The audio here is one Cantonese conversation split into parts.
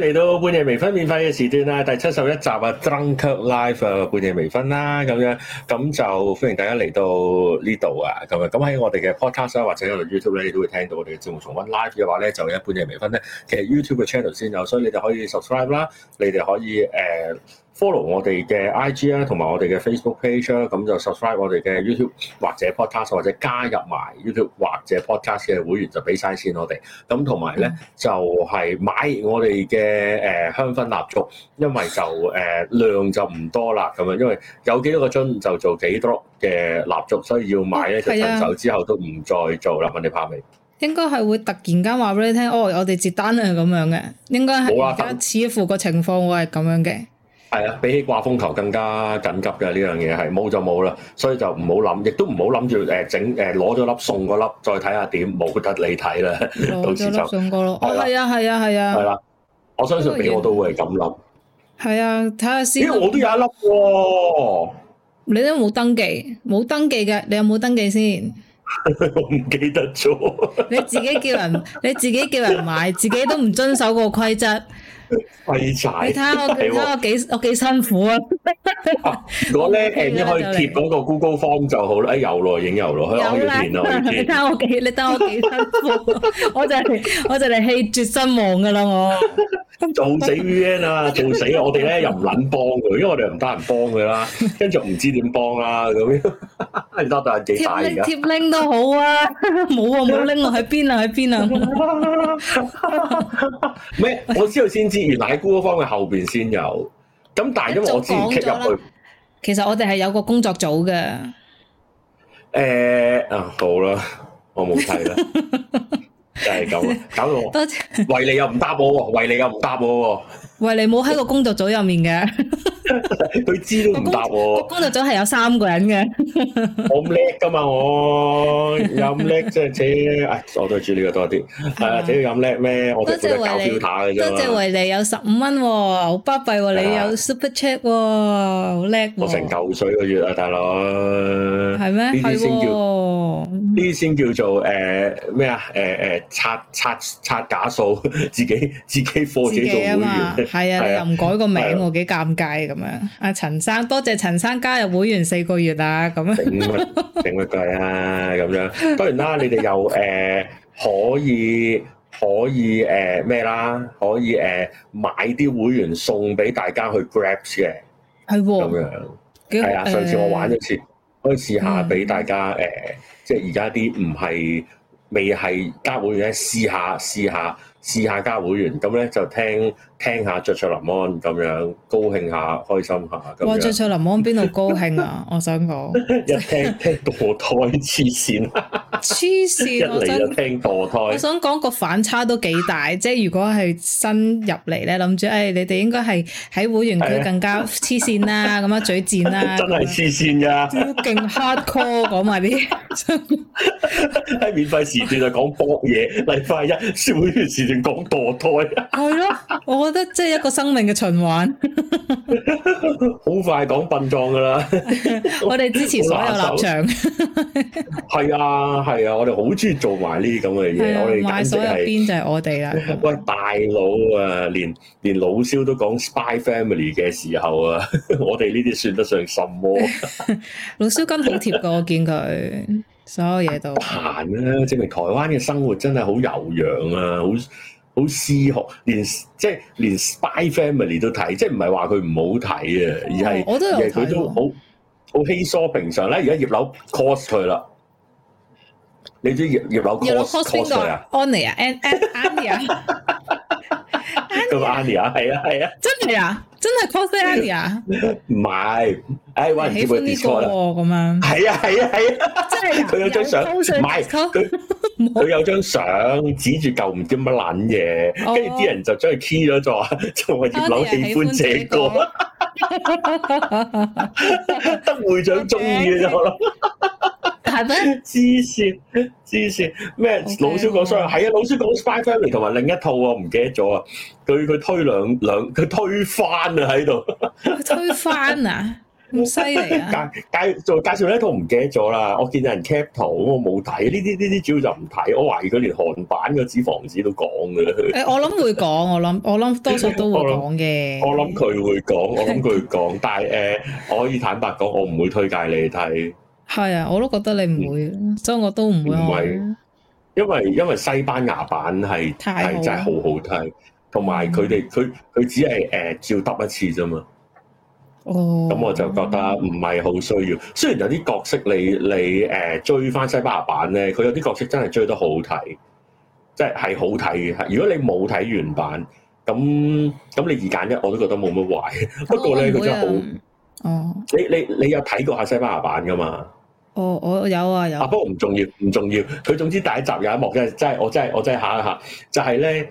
嚟到半夜微醺免費嘅時段啦，第七十一集啊，Drunkirk Live 啊，半夜微醺啦咁樣，咁就歡迎大家嚟到呢度啊，咁樣咁喺我哋嘅 Podcast 啦，或者喺我哋 YouTube 咧，你都會聽到我哋嘅節目重温 live 嘅話咧，就有半夜微醺咧，其實 YouTube 嘅 channel 先有，所以你哋可以 subscribe 啦，你哋可以誒。呃 follow 我哋嘅 IG 啦，同埋我哋嘅 Facebook page 啦，咁就 subscribe 我哋嘅 YouTube 或者 podcast 或者加入埋 YouTube 或者 podcast 嘅會員就俾晒錢我哋。咁同埋咧就係買我哋嘅誒香薰蠟燭，因為就誒、呃、不棍量就唔多啦咁樣，因為有幾多個樽就做幾多嘅蠟燭，所以要買咧就順手之後都唔再做啦。問你怕未？不棍不棍應該係會突然間話俾你聽，哦，我哋接單啊咁樣嘅，應該係而家似乎個情況會係咁樣嘅。Well, yeah, 係啊、嗯，比起掛風球更加緊急嘅呢樣嘢係冇就冇啦，所以就唔好諗，亦都唔好諗住誒整誒攞咗粒送個粒，再睇下點冇得你睇啦，到時就送個咯，係啊係啊係啊，係啦、啊啊啊，我相信你我都會係咁諗，係啊，睇下先，因咦我都有一粒喎、啊，你都冇登記冇登記嘅，你有冇登記先？ 我唔記得咗， 你自己叫人 你自己叫人買，自己都唔遵守個規則。廢柴，你睇下我，你睇我幾我幾辛苦啊！我咧誒，只可以貼嗰個 Google Form 就好啦，哎有咯，影有咯，有了可以見啊，你 睇我幾，你睇我幾辛苦，我就係我就嚟氣絕身亡噶啦！我 做死 VN 啊，做死我哋咧又唔撚幫佢，因為我哋又唔得閒幫佢啦，跟住唔知點幫啦咁。得但係幾大噶。貼拎都好啊，冇啊冇拎落去邊啊喺邊啊！咩？我知道先知。原來喺嗰方嘅後邊先有，咁但係因為我之前入去。其實我哋係有個工作組嘅。誒、欸，啊，好啦，我冇睇啦，就係咁啊，搞到我多謝 你又唔答我，維你又唔答我。喂，你冇喺個工作組入面嘅，佢 知都唔答我。個工作組係有三個人嘅，我咁叻噶嘛，我咁叻即係自己、哎，我對住呢個多啲，係啊，自己咁叻咩，我同佢搞表打嘅啫。多謝維尼，多謝維尼有十五蚊，好巴閉喎，你有 Superchat，好叻。我成嚿水個月啊，大佬。係咩？呢啲先叫，呢啲先叫做誒咩啊？誒誒，刷刷刷假數，自己自己貨自己做會員。 係啊，你又唔改個名，我幾、啊、尷尬咁樣。阿陳、啊、生，多謝陳生加入會員四個月啦，咁啊，頂乜計啊咁樣？當然啦，你哋又誒、呃、可以可以誒咩、呃、啦？可以誒、呃、買啲會員送俾大家去 grab 嘅，係喎，咁樣係啊！上次我玩一次，呃、可以試下俾大家誒、呃，即係而家啲唔係未係加會員，試下試下試下，試下加會員，咁咧就聽。聽聽下、bon aro, ies,《雀雀林安》咁樣高興下，開心下咁。哇，《雀雀林安》邊度高興啊？我想講，一聽聽到墮胎痴線，痴線。一嚟就聽墮胎。我想講個反差都幾大，即係如果係新入嚟咧，諗住誒，你哋應該係喺會員群更加痴線啦，咁樣嘴賤啦。真係痴線噶，仲要勁 hard core 講埋啲。喺免費時段就講博嘢，禮拜一會員時段講墮胎。係咯，我，覺得即係一個生命嘅循環，好 快講殯葬噶啦！ 我哋支持所有立場，係 啊係啊，啊！我哋好中意做埋呢啲咁嘅嘢，啊、我哋大所係邊就係我哋啦！喂、 哎，大佬啊，連連老蕭都講 Spy Family 嘅時候啊， 我哋呢啲算得上什麼？ 老蕭咁好貼噶，我見佢所有嘢都閒啊，證明台灣嘅生活真係好悠揚啊，好～好詩學，連即係連 spy family 都睇，即係唔係話佢唔好睇啊，而係其實佢都好好稀疏平常咧。而家葉劉 cos 佢啦，你知葉葉劉 cos 佢啊？Anya and and Anya，咁 Anya 係啊係啊，真係 啊！真係 coser 啊？唔係 哎，搵唔知佢 d i s c a 啦，咁樣。係啊，係啊，係啊。即係佢有張相，唔係佢， 有張相指住嚿唔知乜撚嘢，跟住啲人就將佢 key 咗咗，就話葉劉喜歡這個， 得會長中意嘅就啦。 黐線黐線咩？老師講衰係啊，老師講 Spy Family 同埋另一套我唔記得咗啊。佢佢推兩兩佢推翻啊喺度，推翻啊，好犀利啊！介介介紹呢一套唔記得咗啦。我見有人 cap 圖我冇睇呢啲呢啲，主要就唔睇。我懷疑佢連韓版嘅紙房子都講嘅咧。誒、欸，我諗會講，我諗我諗多數都會講嘅。 我諗佢會講，我諗佢會講， 但係誒，我可以坦白講，我唔會推介你睇。係啊，我都覺得你唔會，所以我都唔會。因為因為西班牙版係係真係好是是好睇，同埋佢哋佢佢只係誒、呃、照搭一次啫嘛。哦，咁我就覺得唔係好需要。雖然有啲角色你你誒、呃、追翻西班牙版咧，佢有啲角色真係追得好睇，即係係好睇。如果你冇睇原版，咁咁你二揀一，我都覺得冇乜壞。哦、 不過咧，佢真係好。哦，你你你有睇過下西班牙版噶嘛？我、oh, 我有啊有。啊不過唔重要唔重要，佢總之第一集有一幕嘅，真係我真係我真係嚇一嚇，就係咧誒，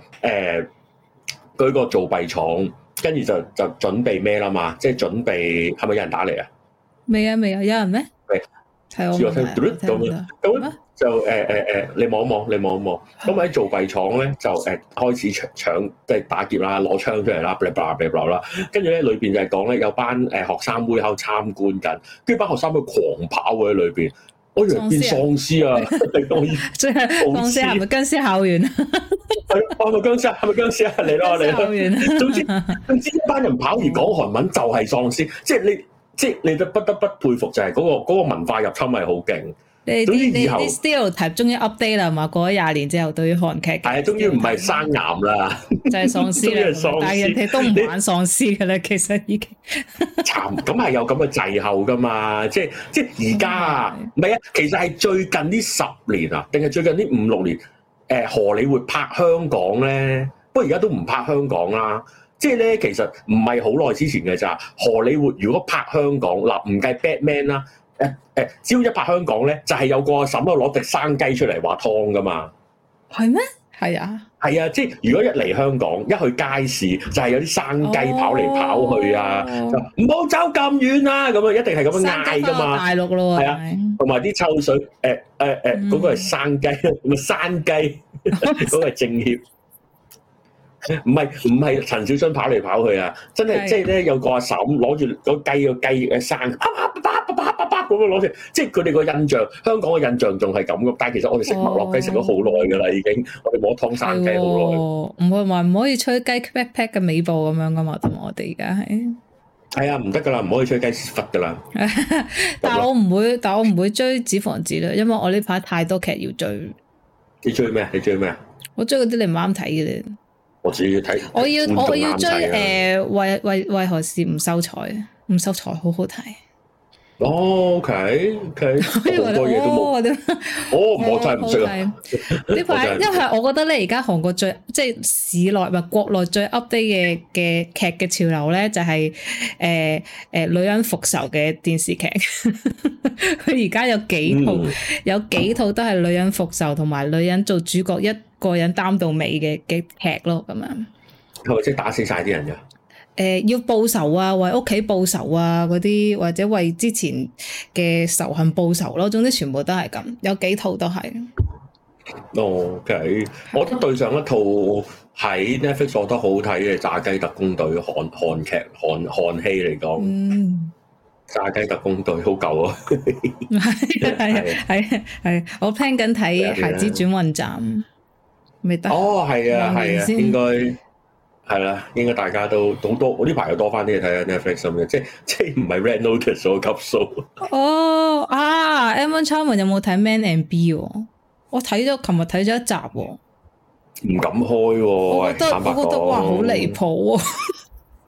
佢、呃、個造幣廠，跟住就就準備咩啦嘛，即、就、係、是、準備係咪有人打嚟啊？未啊未啊，有人咩？係我咁咁就誒誒誒，你望一望，你望一望。咁喺造幣廠咧？就誒開始搶搶，即係打劫啦，攞槍出嚟啦，blah 啦。跟住咧裏邊，就係講咧，有班誒學生妹喺度參觀緊，跟住班學生妹狂跑喎喺裏邊，我以為變喪屍啊！我以為即係喪屍係咪殭屍校園啊？係，係咪殭屍啊？係咪僵屍啊？你咯你咯，總之總之一班人跑完講韓文就係喪屍，即係你即係你得不得不佩服，就係嗰個文化入侵係好勁。你啲啲 stereotype 終於 update 啦嘛？過咗廿年之後，對於韓劇係啊，終於唔係生癌啦， 就係喪屍啦。終於喪屍，但係人哋都唔玩喪屍嘅咧。你其實已經殘咁係有咁嘅滯後噶嘛？即係即係而家唔係啊！其實係最近呢十年啊，定係最近呢五六年？誒、呃、荷里活拍香港咧，不過而家都唔拍香港啦。即係咧，其實唔係好耐之前嘅咋？荷里活如果拍香港嗱，唔計 Batman 啦。誒誒，招、欸、一拍香港咧，就係、是、有個嬸啊攞隻生雞出嚟話劏噶嘛，係咩？係啊，係啊，即係如果一嚟香港，一去街市就係、是、有啲生雞跑嚟跑去啊，唔好、哦、走咁遠啊，咁啊，一定係咁樣嗌噶嘛，大陸咯，係啊，同埋啲臭水，誒誒誒，嗰、欸欸那個係生雞，咁啊、嗯、 生雞，嗰、那個係政協。 唔係唔係陳小春跑嚟跑去、那個、啊！真係即係咧，有個阿嬸攞住個雞個雞嘅生，啪啪啪啪叭叭咁樣攞住，即係佢哋個印象，香港個印象仲係咁噶。但係其實我哋食麥樂雞食咗好耐噶啦，已經我哋摸湯生雞好耐。唔會話唔可以吹雞 pat pat 嘅尾部咁樣噶嘛？同埋我哋而家係係啊，唔得噶啦，唔可以吹雞屎忽噶啦。 但係我唔會，但我唔會追紙房子啦，因為我呢排太多劇要追。你追咩？你追咩啊？我追嗰啲 in 你唔啱睇嘅咧。我自己要睇，我要、啊、我要追誒、呃，為為為何事唔收財？唔收財，好好睇。哦、oh,，OK OK，好多嘢都冇啊、oh, 哦！我真係唔追呢排，因為我覺得咧，而家韓國最即係市內或係國內最 update 嘅嘅劇嘅潮流咧、就是，就係誒誒女人復仇嘅電視劇。佢而家有幾套，嗯、有幾套都係女人復仇，同埋女人做主角一。個人擔到尾嘅嘅劇咯，咁啊，係咪即打死晒啲人啫？誒，要報仇啊，為屋企報仇啊，嗰啲或者為之前嘅仇恨報仇咯，總之全部都係咁，有幾套都係。哦，OK，我都對上一套喺 Netflix 做得好睇嘅《炸雞特工隊》韓韓劇韓韓戲嚟講，《炸雞特工隊》好舊啊，係係係係，我聽緊睇《孩子轉運站》。未得哦，係啊，係啊，應該係啦，應該大家都好多，我呢排又多翻啲嘢睇啊，啲 Netflix 嘅，即係即係唔係 Red Notice 所級數。哦啊，Emma Chapman 有冇睇 Man and B？我睇咗，琴日睇咗一集、哦。唔敢開、哦，我覺得我覺得哇，好離譜啊！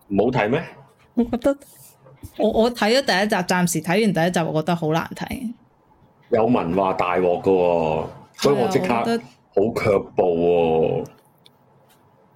冇睇咩？ 我覺得我我睇咗第一集，暫時睇完第一集，我覺得好難睇。有文化大鑊噶、哦，所以、啊、我即刻。好卻步，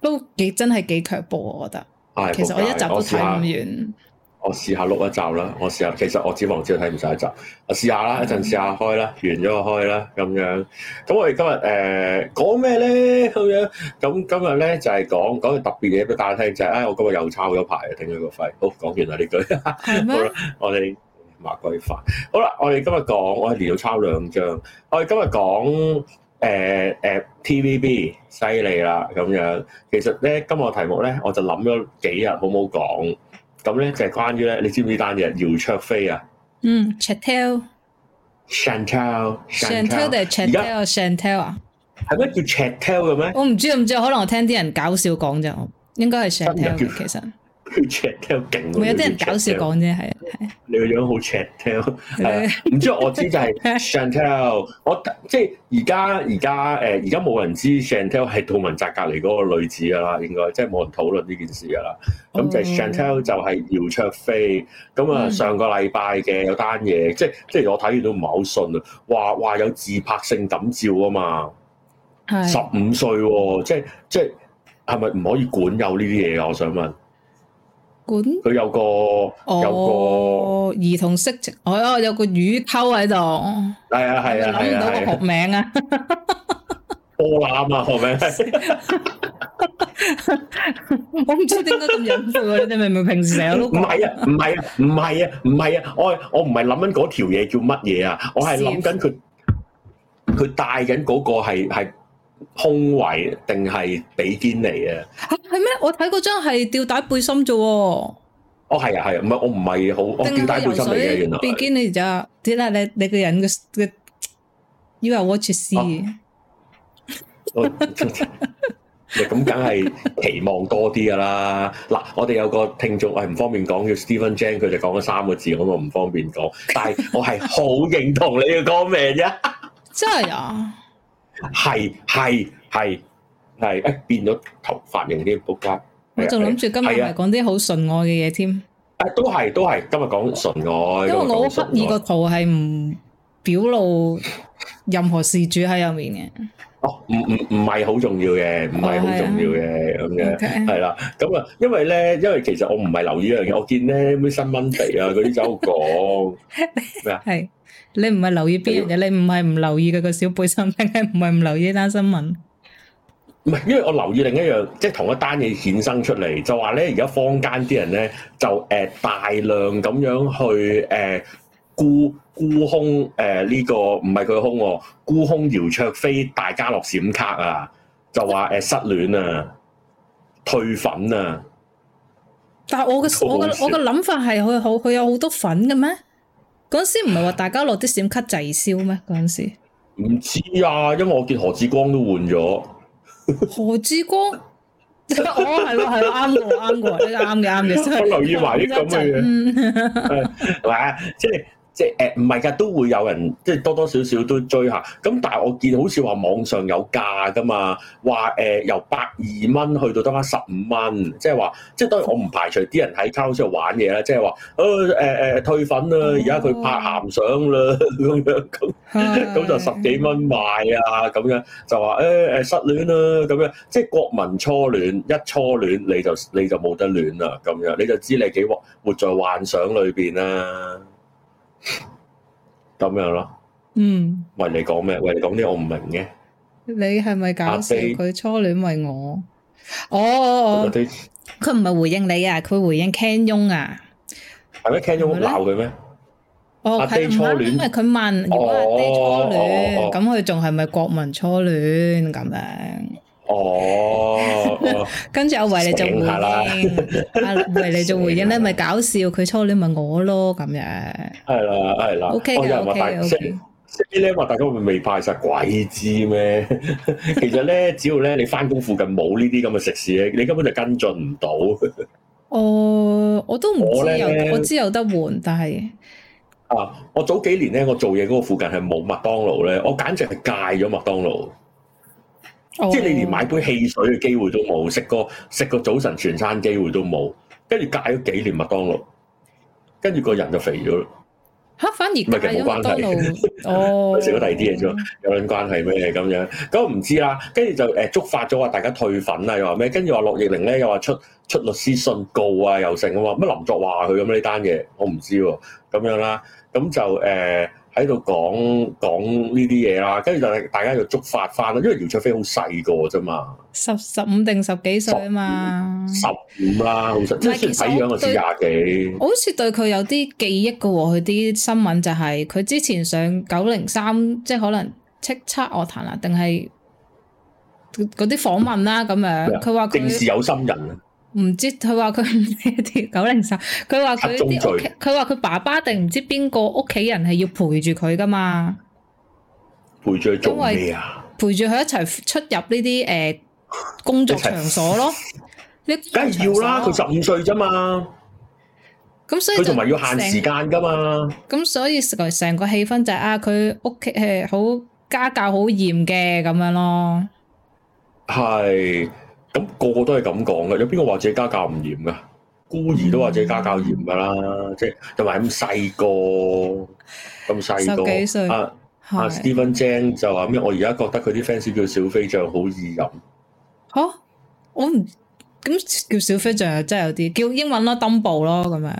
都幾真係幾卻步，我覺得、啊。係、哎呀，其實我一集都睇唔完。我試下錄一,一集啦，我試下。其實我指望住睇唔晒一集，我試下啦，一陣試下開啦，完咗就開啦，咁樣。咁我哋今日誒講咩咧？咁、欸、樣咁今日咧就係講講特別嘢俾大家聽，就係、是、誒、哎、我今日又抄咗牌頂佢個肺。好，講完啦呢句嗎 好。好啦，我哋麻鬼煩。好啦，我哋今日講，我係連到抄兩張。我哋今日講。誒誒 TVB 犀利啦咁樣，其實咧今日題目咧我就諗咗幾日，好唔好講，咁咧就係、是、關於咧，你知唔知單嘢姚焯菲啊？嗯，Chantel。Chantel Ch Ch Ch 在。Chantel 定 Chantel，而家 Chantel 啊？係咩叫 Chantel 嘅咩？我唔知唔知，可能我聽啲人搞笑講就應該係 Chantel，其實。佢 Chantel 勁，唔有啲人搞笑講啫 ant 的，係係、 啊。你個樣好 Chantel，唔知我知就係 Chantel 我即係而家而家誒，而家冇人知 Chantel 係杜汶澤隔離嗰個女子噶啦，應該即係冇人討論呢件事噶啦。咁、oh. 就 Chantel 就係姚焯菲。咁啊，上個禮拜嘅有單嘢、mm.，即即係我睇完都唔係好信啊。話話有自拍性感照啊嘛，十五、mm. 歲喎、哦，即即係係咪唔可以管有呢啲嘢啊？我想問。管佢有個有個兒童色情，哦，有個魚溝喺度，係啊係啊係啊，諗唔到個學名啊，波攬啊學名，我唔知點解咁隱晦，你哋明唔明？平時成日都唔係啊唔係啊唔係啊唔係啊，我我唔係諗緊嗰條嘢叫乜嘢啊，我係諗緊佢佢帶緊嗰個係係。胸圍定係比堅尼、哦、啊？係咩、啊？我睇嗰張係吊帶背心啫。哦，係啊，係啊，唔係我唔係好吊帶背心嚟嘅，原來。比堅尼就點解你你個人嘅嘅，以為我出師。咁梗係期望多啲噶 啦。嗱，我哋有個聽眾係唔方便講，叫 Stephen Jen，佢就講咗三個字，我咪唔方便講。但係我係好認同你嘅歌名啫。真係啊！ 係係係係，一變咗頭髮型嘅仆街。我仲諗住今日係講啲好純愛嘅嘢添。啊，都係都係，今日講純愛。因為我好刻意個圖係唔表露任何事主喺入面嘅。哦，唔唔唔係好重要嘅，唔係好重要嘅咁嘅，係啦。咁啊，因為咧，因為其實我唔係留意呢樣嘢，我見咧啲新聞題啊，嗰啲都講咩啊？係。你唔係留意邊樣嘢？的你唔係唔留意佢個小背心？唔係唔留意單新聞？唔係，因為我留意另一樣，即係同一單嘢衍生出嚟，就話咧，而家坊間啲人咧就誒、呃、大量咁樣去誒沽沽空誒呢、呃這個，唔係佢空喎、哦，沽空姚焯菲、大家樂閃卡啊，就話誒、呃、失戀啊，退粉啊。但係我嘅我嘅我嘅諗法係佢好佢有好多粉嘅咩？嗰時唔係話大家落啲閃吸滯燒咩？嗰陣時唔知啊，因為我見何志光都換咗 何志光， 哦係咯係咯，啱過啱過呢啲啱嘅啱嘅，我留意埋啲咁嘅嘢係咪即係。即係誒，唔係㗎，都會有人即係多多少少都追下。咁，但係我見好似話網上有價㗎嘛，話誒、呃、由百二蚊去到得返十五蚊，即係話即係當然我唔排除啲人喺交易所度玩嘢啦，即係話誒誒退粉啦，而家佢拍咸相啦，咁樣咁咁是就十幾蚊賣啊，咁樣就話誒誒失戀啦，咁樣即係國民初戀，一初戀你就你就冇得戀啦，咁樣你就知你幾活活在幻想裏邊啦。咁樣咯，嗯，喂你講咩？喂你講啲我唔明嘅，你係咪搞笑？佢初戀為我，哦，佢唔係回應你啊，佢回應 Ken Yung 啊，係咩？Ken Yung 鬧佢咩？阿爹初戀，因為佢問如果阿爹初戀，咁佢仲係咪國民初戀咁樣？哦，哦 跟住我為你做回應，阿為你做回應咧，咪搞笑，啊？佢初你咪我咯，咁樣係啦，係啦。我又話大食，食咧話大家會未派晒鬼知咩？其實咧，只要咧你翻工附近冇呢啲咁嘅食肆，咧，你根本就跟進唔到。我我都唔知有，我知有得換，但係啊，我早幾年咧，我做嘢嗰個附近係冇麥當勞咧，我簡直係戒咗麥當勞。即係你連買杯汽水嘅機會都冇，食個食個早晨全餐機會都冇，跟住隔咗幾年麥當勞，跟住個人就肥咗啦。吓，反而唔係冇關係係，哦，食咗第二啲嘢啫，有撚關係咩？咁樣咁我唔知啦。跟住就誒，觸、欸、發咗話大家退粉啦，又話咩？跟住話樂易玲咧，又話出出律師信告啊，又成。咁話乜林作話佢咁呢單嘢，我唔知喎。咁樣啦，咁就誒。欸呃喺度講講呢啲嘢啦，跟住就大家就觸發翻啦，因為姚焯菲好細個啫嘛，十十五定十幾歲啊嘛，十，十五啦，啊，好似即係睇樣好似廿幾。我好似對佢有啲記憶㗎喎，佢啲新聞就係、是、佢之前上九零三，即係可能叱咤樂壇啊，定係嗰啲訪問啦、啊、咁樣。佢話佢正是有心人啊。唔知佢話佢呢條九零十，佢話佢佢話佢爸爸定唔知邊個屋企人係要陪住佢噶嘛？陪住佢做咩啊？陪住佢一齊出入呢啲誒工作場所咯？呢梗係要啦，佢十五歲啫嘛。咁所以佢同埋要限時間噶嘛？咁所以成成個氣氛就係啊，佢屋企係好家教好嚴嘅咁樣咯。係。咁個個都係咁講嘅，有邊個話自己家教唔嚴噶？孤兒都話自己家教嚴噶啦，嗯、即係同埋咁細個，咁細個。十幾歲。阿阿 Stephen j a n 就話咩？我而家覺得佢啲 fans 叫小飛將好易飲。吓、啊，我唔咁叫小飛將，真係有啲叫英文、啊、咯，登布咯咁樣。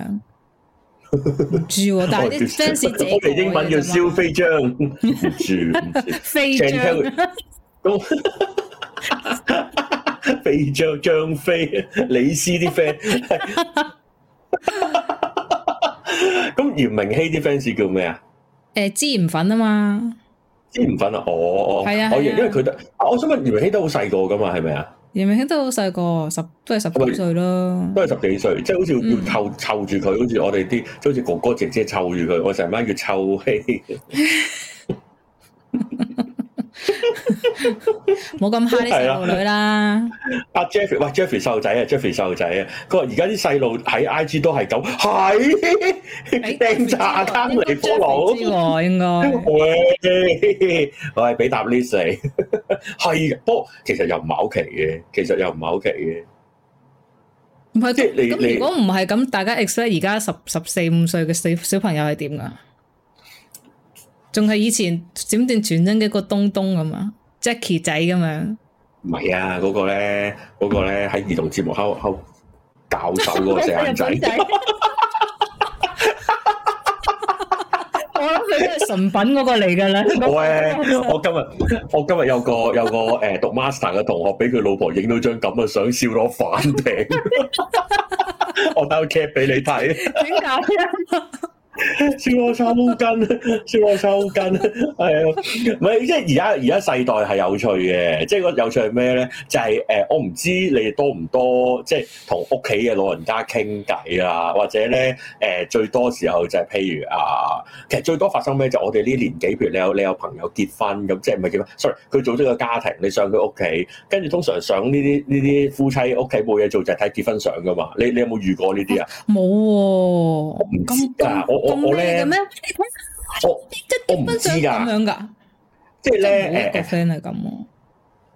唔知喎、 啊，但係啲 fans 我哋英文叫肖飛將，唔知飛將。肥張張飛李斯啲 friend，咁袁明熙啲 fans 叫咩、呃哦、啊？誒、哦，孜然粉啊嘛，孜然粉啊，哦哦，係啊，可以，因為佢得，我想問袁明熙都好細個噶嘛，係咪啊？袁明熙都好細個，十都係、嗯、十幾歲咯，都係十幾歲，即係好似要湊湊住佢，好似我哋啲即好似哥哥姐姐湊住佢，我成班叫湊熙。冇咁 high 啲細路女啦，阿 Jeffy，喂 Jeffy 細路仔啊，Jeffy 細路仔啊，佢話而家啲細路喺 IG 都係咁，係訂茶攤微波爐，應該會我係俾答呢四，係，不過其實又唔係好奇嘅，其實又唔係好奇嘅，唔係即你咁，如果唔係咁，大家 expect 而家十十四五歲嘅小小朋友係點噶？仲係以前閃電傳真嘅個東東咁啊 Jackie 仔咁樣。唔係啊，嗰、嗰個咧，嗰個咧喺兒童節目後後搞手嗰個仔。 我諗佢都係純品嗰個嚟噶啦。喂、啊， 我今日我今日有個有個誒讀 master 嘅同學，俾佢老婆影到張咁嘅相，笑到反艇。我打個 cut 俾你睇。點解啊？ 笑我抽筋，笑我抽筋、哎， 係啊，唔係即係而家而家世代係有趣嘅，即係個有趣係咩咧？就係、是、誒、呃，我唔知你哋多唔多，即係同屋企嘅老人家傾偈啊，或者咧誒、呃，最多時候就係譬如啊，其實最多發生咩？就我哋呢年紀，譬如你有你有朋友結婚咁，即係唔係結婚？sorry，佢組織個家庭，你上佢屋企，跟住通常上呢啲呢啲夫妻屋企冇嘢做，就係、是、睇結婚相噶嘛。你你有冇遇過呢啲啊？冇，我唔知噶，啊我。咁咩嘅咩？我即係 結婚相咁樣噶，即係咧誒，個 friend 係咁。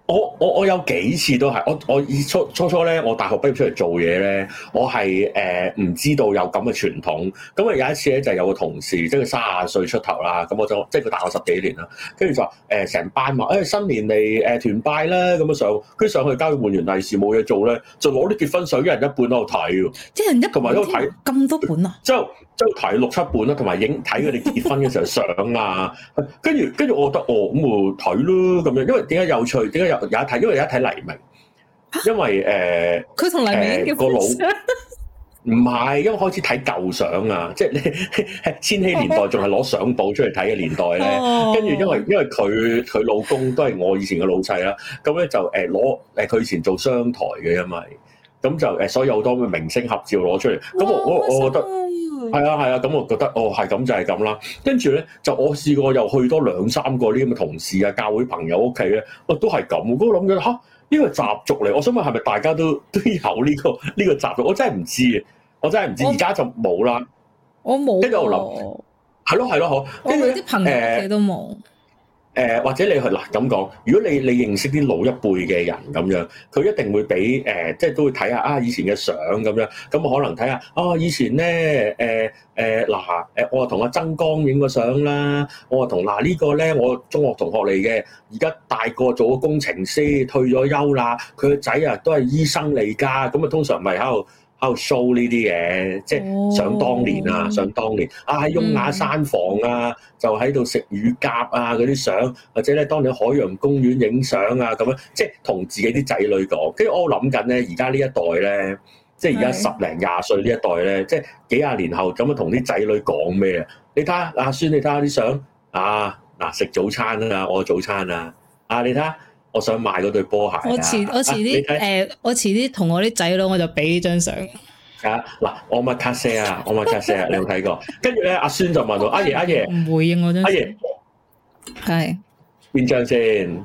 我我我有幾次都係，我我以初，初初初咧，我大學畢業出嚟做嘢咧，我係誒唔知道有咁嘅傳統。咁、嗯、啊，有一次咧就係、是、有個同事，即係卅歲出頭啦，咁、嗯、我就即係佢大我十幾年啦，跟住就誒成、呃、班話誒、欸、新年嚟誒團拜啦，咁樣上跟住上去交換完利是冇嘢做咧，就攞啲結婚相一人一半喺度睇，即一人一，同埋都睇咁多本啊，就。就就都睇六七本啦，同埋影睇佢哋結婚嘅時候相啊。 跟住跟住，我覺得哦咁就睇咯咁樣，因為點解有趣？點解有有一睇？因為有一睇黎明，因為誒佢同黎明、呃、個老唔係因為開始睇舊相啊，即係咧千禧年代仲係攞相簿出嚟睇嘅年代咧。 跟住因為因為佢佢老公都係我以前嘅老細啦，咁咧就誒攞誒佢以前做商台嘅，因為咁就誒、呃、所以有好多嘅明星合照攞出嚟，咁我我我，我覺得。係啊係啊，咁 我覺得哦，係咁就係咁啦。跟住咧，就我試過又去多兩三個呢咁嘅同事啊、教會朋友屋企咧，哇，都係咁。咁我諗緊嚇呢個習俗嚟，我想問係咪大家都都有呢個呢個習俗？我真係唔知嘅，我真係唔知。而家就冇啦，我冇。跟住我諗，係咯係咯，好。跟住啲朋友嘅都冇。 誒、呃、或者你去嗱咁講，如果你你認識啲老一輩嘅人咁樣，佢一定會俾誒、呃，即係都會睇下啊以前嘅相咁樣，咁可能睇下啊以前咧誒誒嗱誒，我同阿曾江影個相啦，我啊同嗱呢個咧，我中學同學嚟嘅，而家大個做咗工程師，退咗休啦，佢個仔啊都係醫生嚟㗎，咁啊通常咪喺度。喺 show 呢啲嘢，即係想當年啊，oh，想當年啊，喺雍雅山房啊，mm。就喺度食乳鴿啊嗰啲相，或者咧當年海洋公園影相啊咁樣，即係同自己啲仔女講。跟住我諗緊咧，而家呢一代咧、oh.，即係而家十零廿歲呢一代咧，即係幾廿年後咁樣同啲仔女講咩啊？你睇下，阿孫你睇下啲相啊，嗱食早餐啊，我早餐啊，啊你睇下。我想買嗰對波鞋，啊我遲。我遲我遲啲誒，我遲啲同我啲仔女，我就俾呢張相。啊，嗱，我咪卡西啊，我咪卡西啊，你有睇過？欸、跟住咧、啊， 阿孫就問到：阿爺阿爺，唔、啊、回應我張阿爺係邊張先？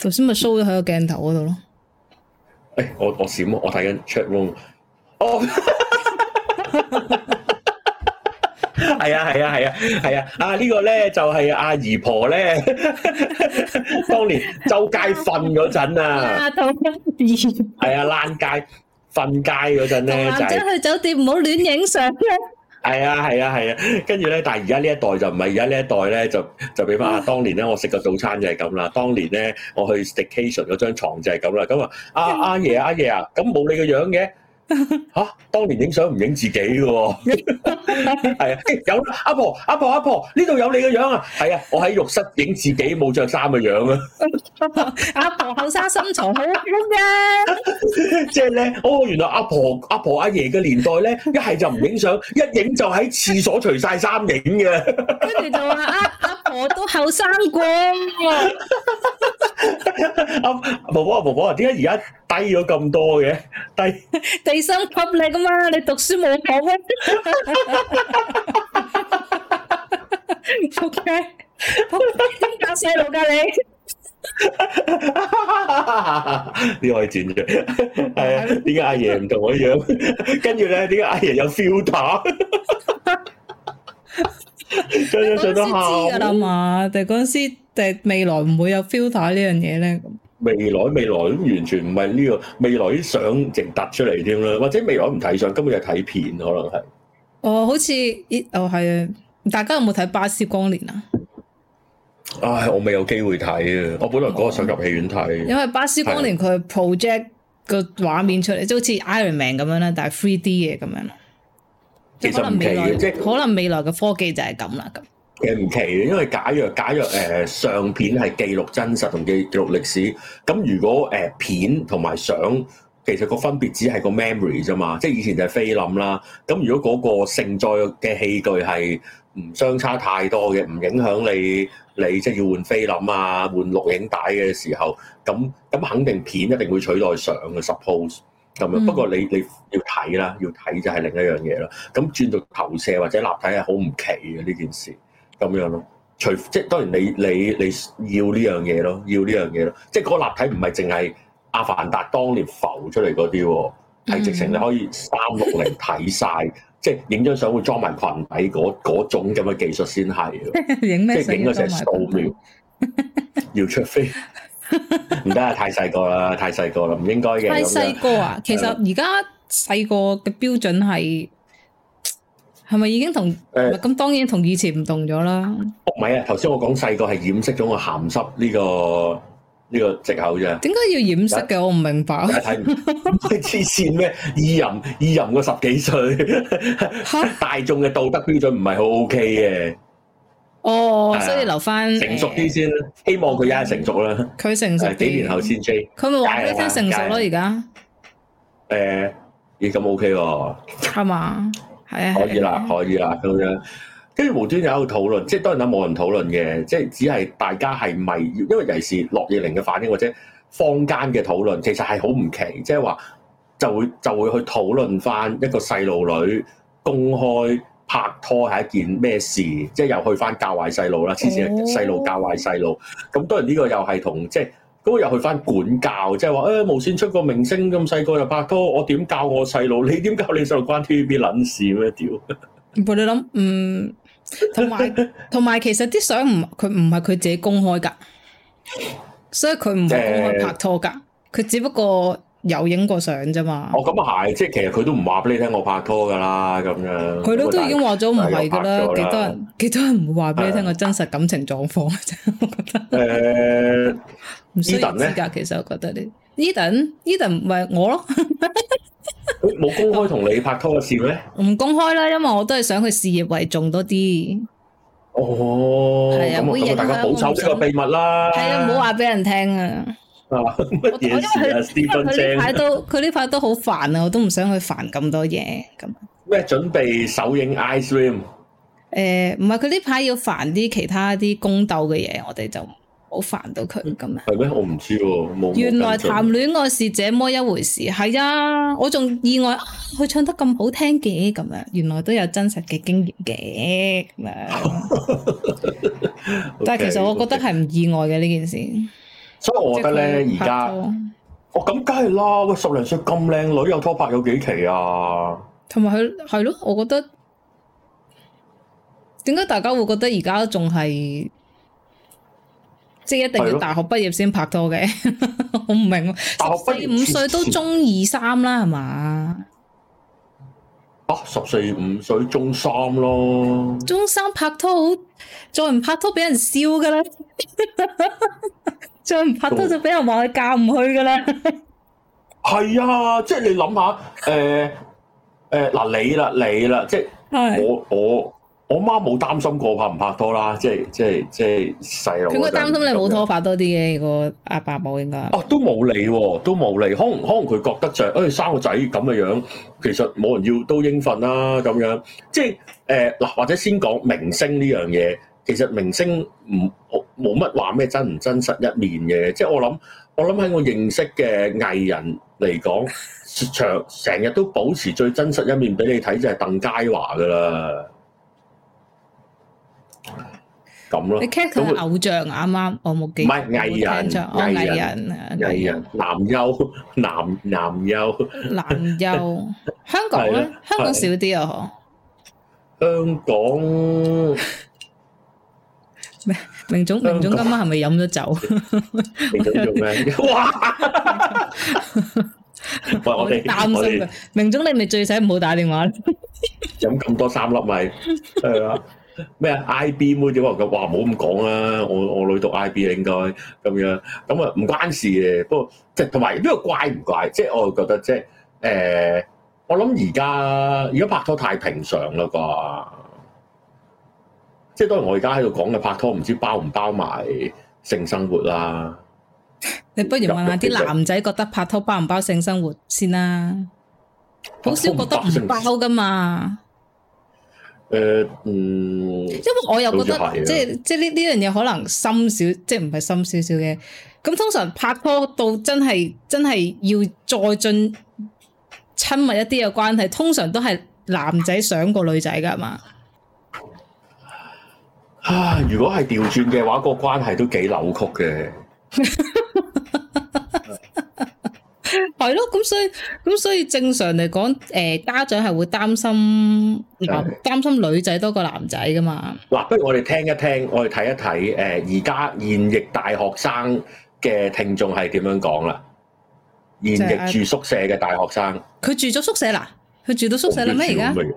頭先咪 show 咗喺個鏡頭嗰度咯。誒、哎，我我閃，我睇緊 check room。哦 係啊係啊係啊係啊！啊呢個咧就係阿姨婆咧，當年周街瞓嗰陣啊，係啊躝街瞓街嗰陣咧就係去酒店唔好亂影相啊！係啊係啊係啊！跟住咧，但係而家呢一代就唔係而家呢一代咧，就就俾翻啊！當年咧，我食個早餐就係咁啦。當年咧，我去 staycation 嗰張牀就係咁啦。咁啊，阿阿爺阿爺啊，咁冇你個樣嘅。吓！當年影相唔影自己嘅，係啊，有阿婆阿婆阿婆呢度有你嘅樣啊！係啊，我喺浴室影自己冇着衫嘅樣啊！阿婆阿婆，後生心藏好嘅，即係咧哦，原來阿婆阿婆阿爺嘅年代咧，一係就唔影相，一影就喺廁所除晒衫影嘅，跟住就話啊。我都後生過，阿婆婆阿婆婆，點解而家低咗咁多嘅？低第三級嚟噶嘛？你讀書冇好？OK，撲街教細路噶你，呢個係剪嘅，係啊？點解阿爺唔同我樣？跟住咧，點解阿爺有 feel？嗰陣 時知噶啦嘛，但係嗰陣時，但係未來唔會有 filter 呢樣嘢咧。未來未來咁完全唔係呢個，未來啲相直達出嚟添啦，或者未來唔睇相，根本就睇片，可能係、哦。哦，好似哦係啊，大家有冇睇《巴斯光年》啊？唉，我未有機會睇啊！我本來嗰日想入戲院睇、嗯，因為《巴斯光年》佢 project 個畫面出嚟，即係的好似 Iron Man 咁樣啦，但係 three D 嘢咁樣。其實唔奇，即可能未來嘅科技就係咁啦，咁。誒唔奇，嘅，因為假若假若誒相片係記錄真實同記錄歷史，咁如果誒、呃、片同埋相，其實個分別只係個 memory 啫嘛，即係以前就係菲林啦。咁如果嗰個盛載嘅器具係唔相差太多嘅，唔影響你你即係要換菲林啊，換錄影帶嘅時候，咁咁肯定片一定會取代相嘅。Suppose。咁樣，嗯、不過你你要睇啦，要睇就係另一樣嘢咯。咁轉到投射或者立體係好唔奇嘅呢件事，咁樣咯。除即係當然你，你你你要呢樣嘢咯，要呢樣嘢咯。即係個立體唔係淨係《阿凡達》當年浮出嚟嗰啲喎，係直情你可以三六零睇晒，嗯嗯、即係影張相會裝埋裙底嗰種咁嘅技術先係， 上即係影嗰成數秒要出飛。唔得啊！太細個啦，太細個啦，唔應該嘅。太細個啊！其實而家細個嘅標準係係咪已經同咁？欸、當然同以前唔同咗啦。唔係啊，頭先我講細個係掩飾咗我咸濕呢個呢個籍口啫。點解要掩飾嘅，我唔明白。係黐線咩？意淫意淫個十幾歲， 大眾嘅道德標準唔係好 OK 嘅。哦，oh, 啊、所以留翻成熟啲先，嗯、希望佢而家成熟啦。佢成熟，幾年後先追。佢咪話咧先成熟咯，而家吧。誒，咦咁 OK 喎？係嘛？係啊，可以啦，可以啦咁樣。跟住無端有喺度討論，即係當然啦，冇人討論嘅，即係只係大家係咪？因為尤其是樂易玲嘅反應或者坊間嘅討論，其實係好唔奇，即係話就會就會去討論翻一個細路女公開。拍拖係一件咩事？即係又去翻教壞細路啦，黐線！細路教壞細路，咁當然呢個又係同即係，咁又去翻管教，即係話誒，無線出個明星咁細個就拍拖，我點教我細路？你點教你細路？關 TVB 撚事咩？屌！我你諗，嗯，同埋同埋，其實啲相唔，佢唔係佢自己公開噶， 所以佢唔會公開拍拖噶，佢、呃、只不過。有影過相啫嘛？哦，咁啊係，即係其實佢都唔話俾你聽我拍拖噶啦，咁樣。佢咧都已經話咗唔係噶啦，幾多人幾多人唔會話俾你聽我真實感情狀況。我覺得誒，Edan 咧，其實我覺得咧，Edan、Edan 唔係我咯。冇公開同你拍拖嘅事咩？唔公開啦，因為我都係想佢事業為重多啲。哦，係啊，咁大家保守呢個秘密啦，係啊，唔好話俾人聽啊。 啊！乜嘢事啊？因為佢呢排都佢呢排都好煩啊！我都唔想去煩咁多嘢咁。咩準備首映 Ice Cream？誒，唔係佢呢排要煩啲其他啲宮鬥嘅嘢，我哋就唔好煩到佢咁樣。係咩？我唔知喎、啊。原來談戀愛是這麼一回事。係啊，我仲意外佢、啊、唱得咁好聽嘅咁樣。原來都有真實嘅經驗嘅咁樣。 okay, okay. 但係其實我覺得係唔意外嘅呢件事。所以我覺得咧，而家我咁梗係啦，十零歲咁靚女有拖拍有幾期啊？同埋佢，係咯，我覺得點解大家會覺得而家仲係即係一定要大學畢業先拍拖嘅？的 我唔明，大學畢業，十四五歲都中二三啦，係嘛？啊，十四五歲中三咯，中三拍拖好再唔拍拖俾人笑噶啦！ 再唔拍拖就俾人話佢嫁唔去噶啦，係啊！即係你諗下，誒誒嗱，你啦，你啦，即係我我我媽冇擔心過拍唔拍拖啦，即係即係即係細路。佢會擔心你冇拖拍多啲嘅個阿伯冇應該。哦，都冇理，都冇理。可能可能佢覺得就，哎，生個仔咁嘅樣，其實冇人要都應份啦咁樣。即係誒嗱，或者先講明星呢樣嘢。其實明星唔冇乜話咩真唔真實一面嘅，即係我諗，我諗喺我認識嘅藝人嚟講，卓成日都保持最真實一面俾你睇，就係、是、鄧佳華噶啦，咁咯。你 catch 到偶像啱啱，我冇幾唔係藝人，藝、哦、人，藝人，男優男男優男優， 笑 Carwyn 香港咧，香港少啲啊，嗬，香港。yap prere Paris 咩明總明總今晚係咪飲咗酒？ 明總做咩？哇！唔係我哋擔心嘅。明總你咪最使唔好打電話。飲咁多三粒咪係啊？咩 IB 妹點啊？佢話唔好咁講啊！我我女讀 IB 應該咁樣咁啊，唔關事嘅。不過即係同埋呢個怪唔怪？即係、就是、我係覺得即係誒，我諗而家而家拍拖太平常啦啩。即係當然，我而家喺度講嘅拍拖，唔知包唔包埋性生活啦、啊。你不如問下啲男仔，覺得拍拖包唔包性生活先啦。好少覺得唔包噶嘛？誒、呃，嗯，因為我又覺得，即係即係呢呢樣嘢可能深少，即係唔係深少少嘅。咁通常拍拖到真係真係要再進親密一啲嘅關係，通常都係男仔想過女仔噶嘛？啊！如果係調轉嘅話，個關係都幾扭曲嘅，係咯。 咁所以，咁所以正常嚟講，誒、呃，家長係會擔心，呃、擔心女仔多過男仔噶嘛？嗱、啊，不如我哋聽一聽，我哋睇一睇，誒、呃，而家現役大學生嘅聽眾係點樣講啦？現役住宿舍嘅大學生，佢、啊、住咗宿舍啦，佢住到宿舍啦咩而家？在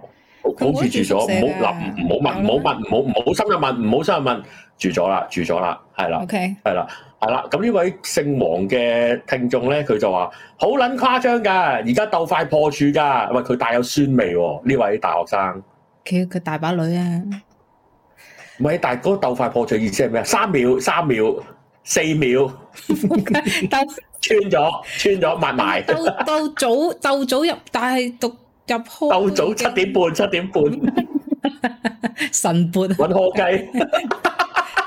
好似住咗，唔好嗱，唔好問，唔好問，唔好唔好深入問，唔好深入問，住咗啦，住咗啦，係啦，係啦 Okay.，係啦。咁呢位姓王嘅聽眾咧，佢就話：好撚誇張㗎，而家鬥快破處㗎，唔係佢帶有酸味喎、啊。呢位大學生，佢佢大把女啊。喂，大哥，鬥快破處意思係咩啊？三秒、三秒、四秒，鬥 穿咗，穿咗埋埋，鬥鬥 早，鬥早，早入，但係讀。入鋪，到早七點半，七點半，晨 半伯，搵賀雞，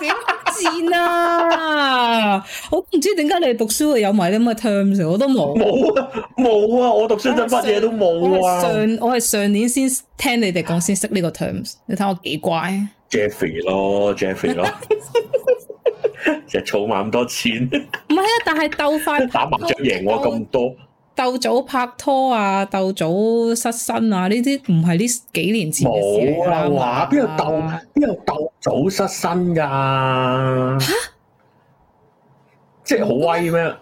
點 賤啊！我唔知點解你哋讀書會有埋啲乜 terms，我都冇，冇啊，冇啊！我讀書真乜嘢都冇啊！我上我係上，上年先聽你哋講先識呢個 terms，你睇我幾乖？Jeffrey 咯，Jeffrey 咯，成日儲埋咁多錢，唔係 啊！但係斗翻打麻雀贏我咁多。鬥早拍拖啊，鬥早失身啊，呢啲唔係呢幾年前嘅事啦嘛。邊有鬥邊有鬥早失身噶？吓，即係好威咩？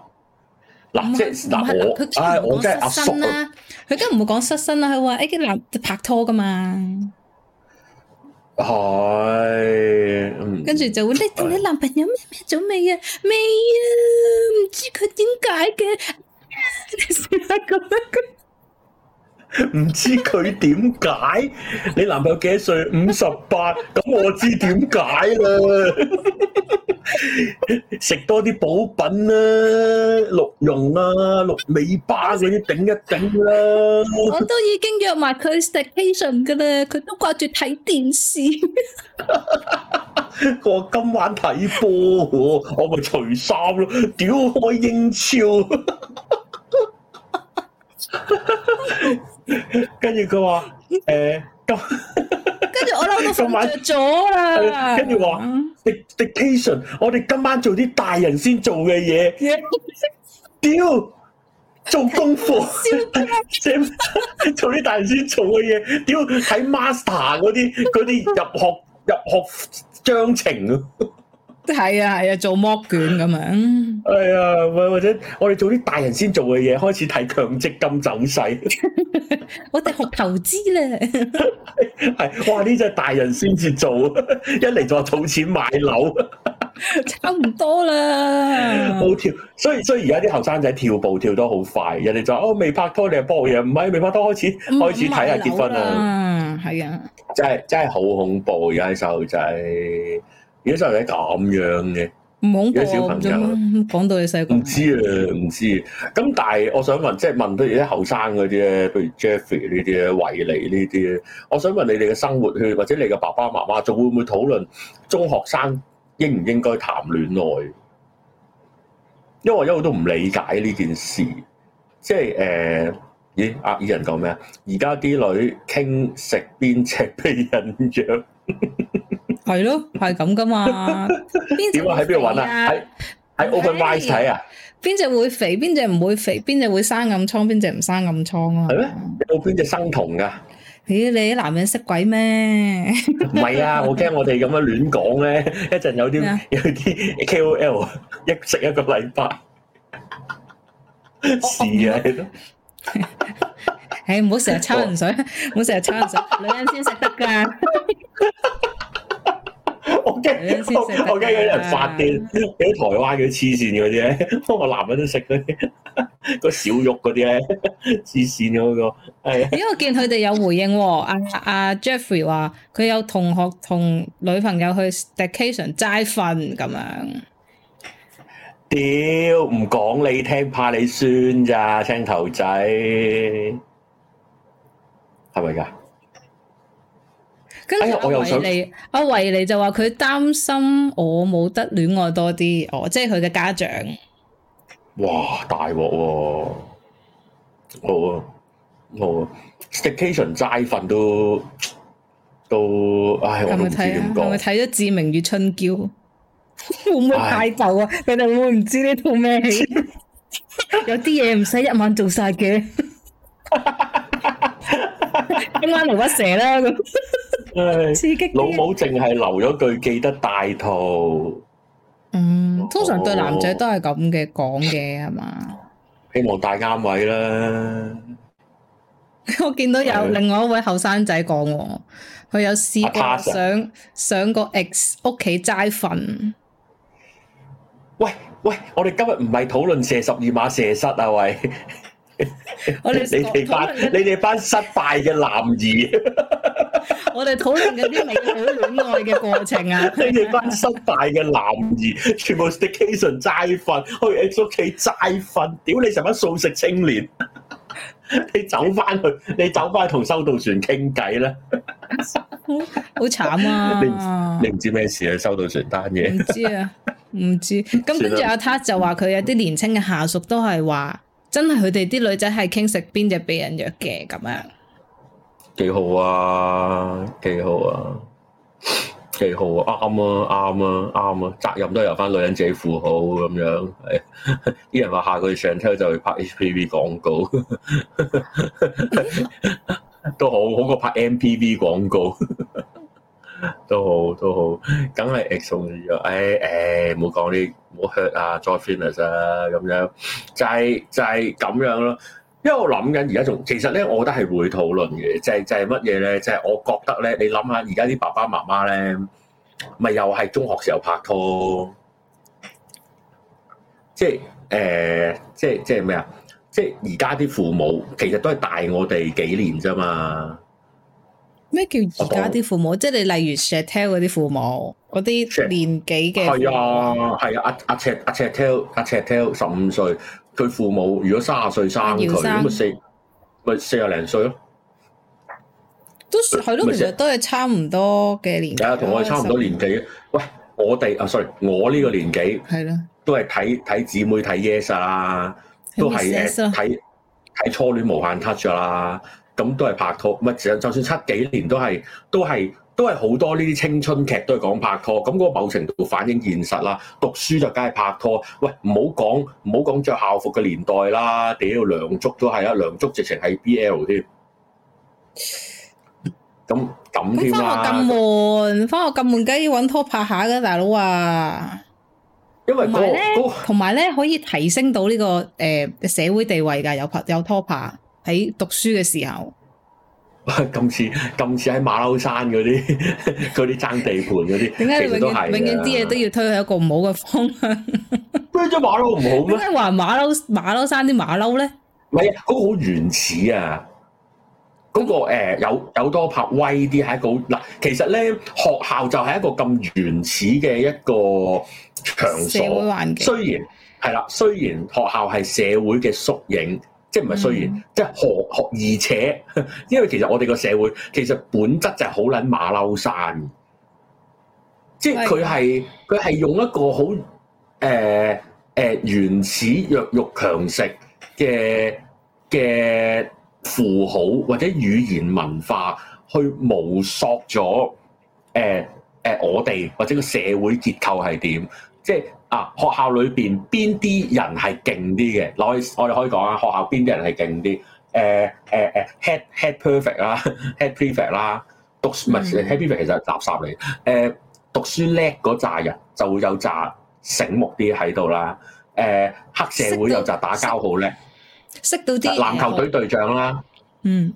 嗱，即係嗱我，我真係阿叔佢，佢梗唔會講失身啦，佢話誒男拍拖噶嘛。係，跟住就會搦同你男朋友咩咩做未啊？未啊？唔知佢點解嘅。你試下覺得 唔知佢點解？你男朋友幾歲？五十八咁，我知道 點解啦。食多啲補品啦，鹿茸啦，鹿尾巴嗰啲頂一頂啦。我都已經約埋佢 staycation 嘅啦，佢都掛住睇電視。 我今晚睇波，我咪除衫咯。屌開英超。 跟住佢話，誒、欸，跟住我諗到瞓着咗啦。跟住話，dedication，我哋今晚做啲大人先做嘅嘢。屌， 做功課， 做啲大人先做嘅嘢。屌，睇 master 嗰啲嗰啲入學入學章程咯。 即係啊，係啊，做摸卷咁樣。係啊、哎，或或者我哋做啲大人先做嘅嘢，開始睇強積金走勢。我哋學投資咧。係哇，呢隻大人先至做，一嚟就話儲錢買樓， 差唔多啦。 冇跳，雖雖然而家啲後生仔跳步跳得好快，人哋就話哦，未拍拖你又搏嘢，唔係未拍拖開始開始睇下結婚啊，係啊 ，真係真係好恐怖而家啲細路仔。而家真係睇咁樣嘅，唔好、講、小朋友。講到你細個，唔知啊，唔知。咁但係我想問，即係問到而家後生嗰啲咧，譬如 Jeffrey 呢啲咧、維尼呢啲咧，我想問你哋嘅生活，佢或者你嘅爸爸媽媽仲會唔會討論中學生應唔應該談戀愛？因為我一路都唔理解呢件事，即係誒，咦、欸？阿爾人講咩啊？而家啲女傾食邊隻畀印象。 係咯，係咁噶嘛？點啊？喺邊度揾啊？喺喺 Open Wise 睇啊？邊隻會肥？邊隻唔會肥？邊隻會生暗瘡？邊隻唔生暗瘡啊？係咩？有冇邊隻生蟲噶？咦？你啲男人識鬼咩？唔係啊！我驚我哋咁樣亂講咧，一陣有啲有啲 KOL 一食一個禮拜事嚟咯。你都哎，唔好成日抽人水，唔好成日抽人水，女人先食得噶。我驚我驚有啲人發癲，有啲 台灣嗰黐線嘅嗰啲咧，我男人都食嗰啲，個 小肉嗰啲咧，黐線嗰個。係， 因為我見佢哋有回應，阿、啊、阿、啊、Jeffrey 話佢有同學同女朋友去 staycation 齋瞓咁樣。屌，唔講你聽，怕你酸咋，青頭仔，係咪㗎？跟住哎呀！我又想你，阿維尼就話佢擔心我冇得戀愛多啲，哦，即係佢嘅家長。哇！大鑊喎！好啊，好啊 station 齋瞓都都，唉，我睇點講？睇咗《志明與春嬌》， 會唔會太舊啊？唉你哋會唔知呢套咩戲？ 有啲嘢唔使一晚做晒嘅， 今晚留翻蛇啦咁。 哎、刺激老母淨係留咗句記得帶套。嗯，通常對男仔都係咁嘅講嘅係嘛？哦、吧希望帶啱位啦。 我見到有另外一位後生仔講，佢、哎、有試過上上個 ex 屋企齋瞓。喂喂，我哋今日唔係討論射十二碼射失啊，喂！我哋你哋班 你哋班失敗嘅男兒，我哋討論嗰啲美女戀愛嘅過程啊！你哋班失敗嘅男兒，全部 station 齋瞓， 去屋企齋瞓，屌你成班素食青年， 你走翻去，你走翻去同修道船傾偈啦，好慘啊 你！你唔知咩事啊？修道船單嘢？唔知啊，唔知。咁跟住阿 T 就話佢有啲年輕嘅下屬都係話。真係佢哋啲女仔係傾食邊隻避孕藥嘅咁樣，幾好啊，幾好啊，幾好啊，啱啊，啱啊，啱啊，責任都由翻女人自己負好咁樣。係啲 人話下個月上台就去拍 H P V 廣告， 都好好過 拍 M P V 廣告。都好，都好，梗係 exactly 誒誒，冇講啲冇 hurt 啊 joyfulness 啊，咁樣就係就係咁樣咯。因為我諗緊而家仲，其實咧，我覺得係會討論嘅，就係就係乜嘢咧，就係我覺得咧，你諗下而家啲爸爸媽媽咧，咪又係中學時候拍拖，即係誒，即係即係咩啊？即係而家啲父母其實都係大我哋幾年啫嘛。咩叫而家啲父母？即係你例如 Chantel 嗰啲父母，嗰啲年紀嘅，係啊，係啊，阿阿 Ch 阿 Chantel 阿 Chantel 十五歲，佢父母如果卅歲生佢，咁咪四咪四廿零歲咯，歲都係咯，其實都係差唔多嘅年紀，同、啊、我哋差唔多年紀。年喂，我哋啊，sorry，我呢個年紀係咯，都係睇睇姊妹睇 Yes 啊，都係睇睇初戀無限 Touch 啦。咁都係拍拖，唔就算七幾年都係都係都係好多呢啲青春劇都係講拍拖，咁嗰個某程度反映現實啦。讀書就梗係拍拖，喂，唔好講唔好講着校服嘅年代啦。屌，梁祝都係啊，梁祝直情係 BL 添。咁咁點翻學咁悶，翻學咁悶，梗要揾拖拍下噶，大佬啊！因為嗰、那個同埋咧，可以提升到呢、這個誒、呃、社會地位㗎，有拍有拖拍。喺讀書嘅時候，今次咁似喺馬騮山嗰啲嗰啲爭地盤嗰啲，點解永遠永遠啲嘢都要推去一個唔好嘅方向？咩？ 即係馬騮唔好咩？點解話馬騮馬騮山啲馬騮咧？唔係啊，嗰個好原始啊，嗰、嗰個誒、呃、有有多拍威啲，係一個嗱，其實咧，學校就係一個咁原始嘅一個場所環境雖。雖然係啦，雖然學校係社會嘅縮影。即係唔係雖然，嗯、即係學學，而且因為其實我哋個社會其實本質就係好撚馬騮山，即係佢係佢係用一個好誒誒原始弱肉強食嘅嘅符號或者語言文化去模索咗誒誒我哋或者個社會結構係點，即係。啊！學校裏邊邊啲人係勁啲嘅，我我哋可以講下學校邊啲人係勁啲？誒誒誒，head head prefect 啦，head prefect 啦。讀唔係 head prefect 其實係垃圾嚟。誒，讀書叻嗰扎人就會有扎醒目啲喺度啦。誒，黑社會有扎打交好叻，識到啲籃球隊隊長啦。嗯，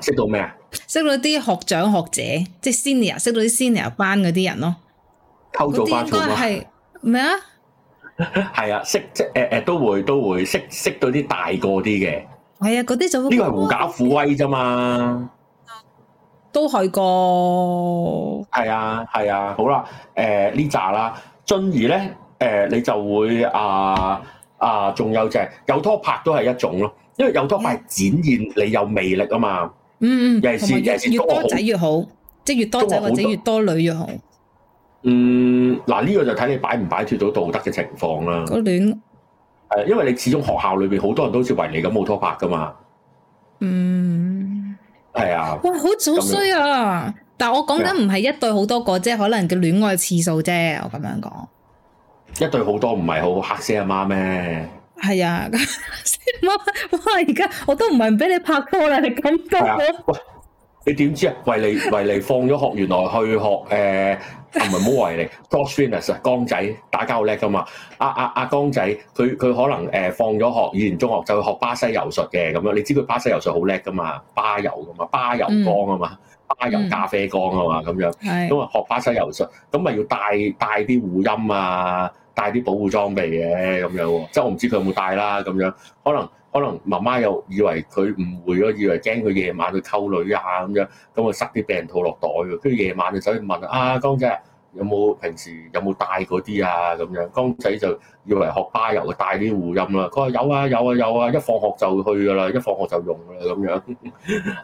識到咩啊？識到啲學長學姐，即係 senior，識到啲 senior 班嗰啲人咯。溝咗班組啊，咩啊？係啊，識即誒誒，都會都會，都會識識到啲大個啲嘅。係啊，嗰啲就呢個係狐假虎威啫嘛。都係個。係啊係啊，好啦，誒呢扎啦，進而咧，誒、呃、你就會啊啊，仲、啊、有就係有拖拍都係一種咯，因為有拖拍展現你有魅力啊嘛。嗯，嗯、尤其是、嗯、尤其是越越越多仔越好，即係越，越，越多仔或者越多女越好。嗯，嗱呢個就睇你擺唔擺脫到道德嘅情況啦。個戀係，因為你始終學校裏邊好多人都好似維尼咁冇拖拍㗎嘛。嗯，係啊、哎呀。哇，好早衰啊！樣但係我講緊唔係一對好多個啫，可能嘅戀愛次數啫。我咁樣講，一對好多唔係好黑色阿媽咩？係啊、哎，咁。媽，媽，哇！而家我都唔係唔俾你拍拖啦，你咁急。喂，你點知啊？維尼，維尼放咗學，學，原來去學誒。呃唔係冇好懷疑 Godwinus 啊，江仔打交好叻噶嘛？阿阿阿江仔，佢佢可能誒、呃、放咗學，以前中學就去學巴西柔術嘅咁樣。你知佢巴西柔術好叻噶嘛？巴遊噶嘛？巴遊江啊嘛？嗯、巴遊咖啡江啊嘛？咁樣，因為學巴西柔術咁咪要帶帶啲護陰啊，帶啲保護裝備嘅、啊、咁樣。即係我唔知佢有冇帶啦。咁樣，咁樣可能。可能媽媽又以為佢誤會咯，以為驚佢夜晚去溝女啊咁樣，咁啊塞啲避孕套落袋，跟住夜晚上就走去問啊，江仔有冇平時有冇帶嗰啲啊咁樣？江仔就以為學巴由帶啲護音啦，佢話有啊有啊有啊，有啊，一放學就去噶啦，一放學就用啦咁樣，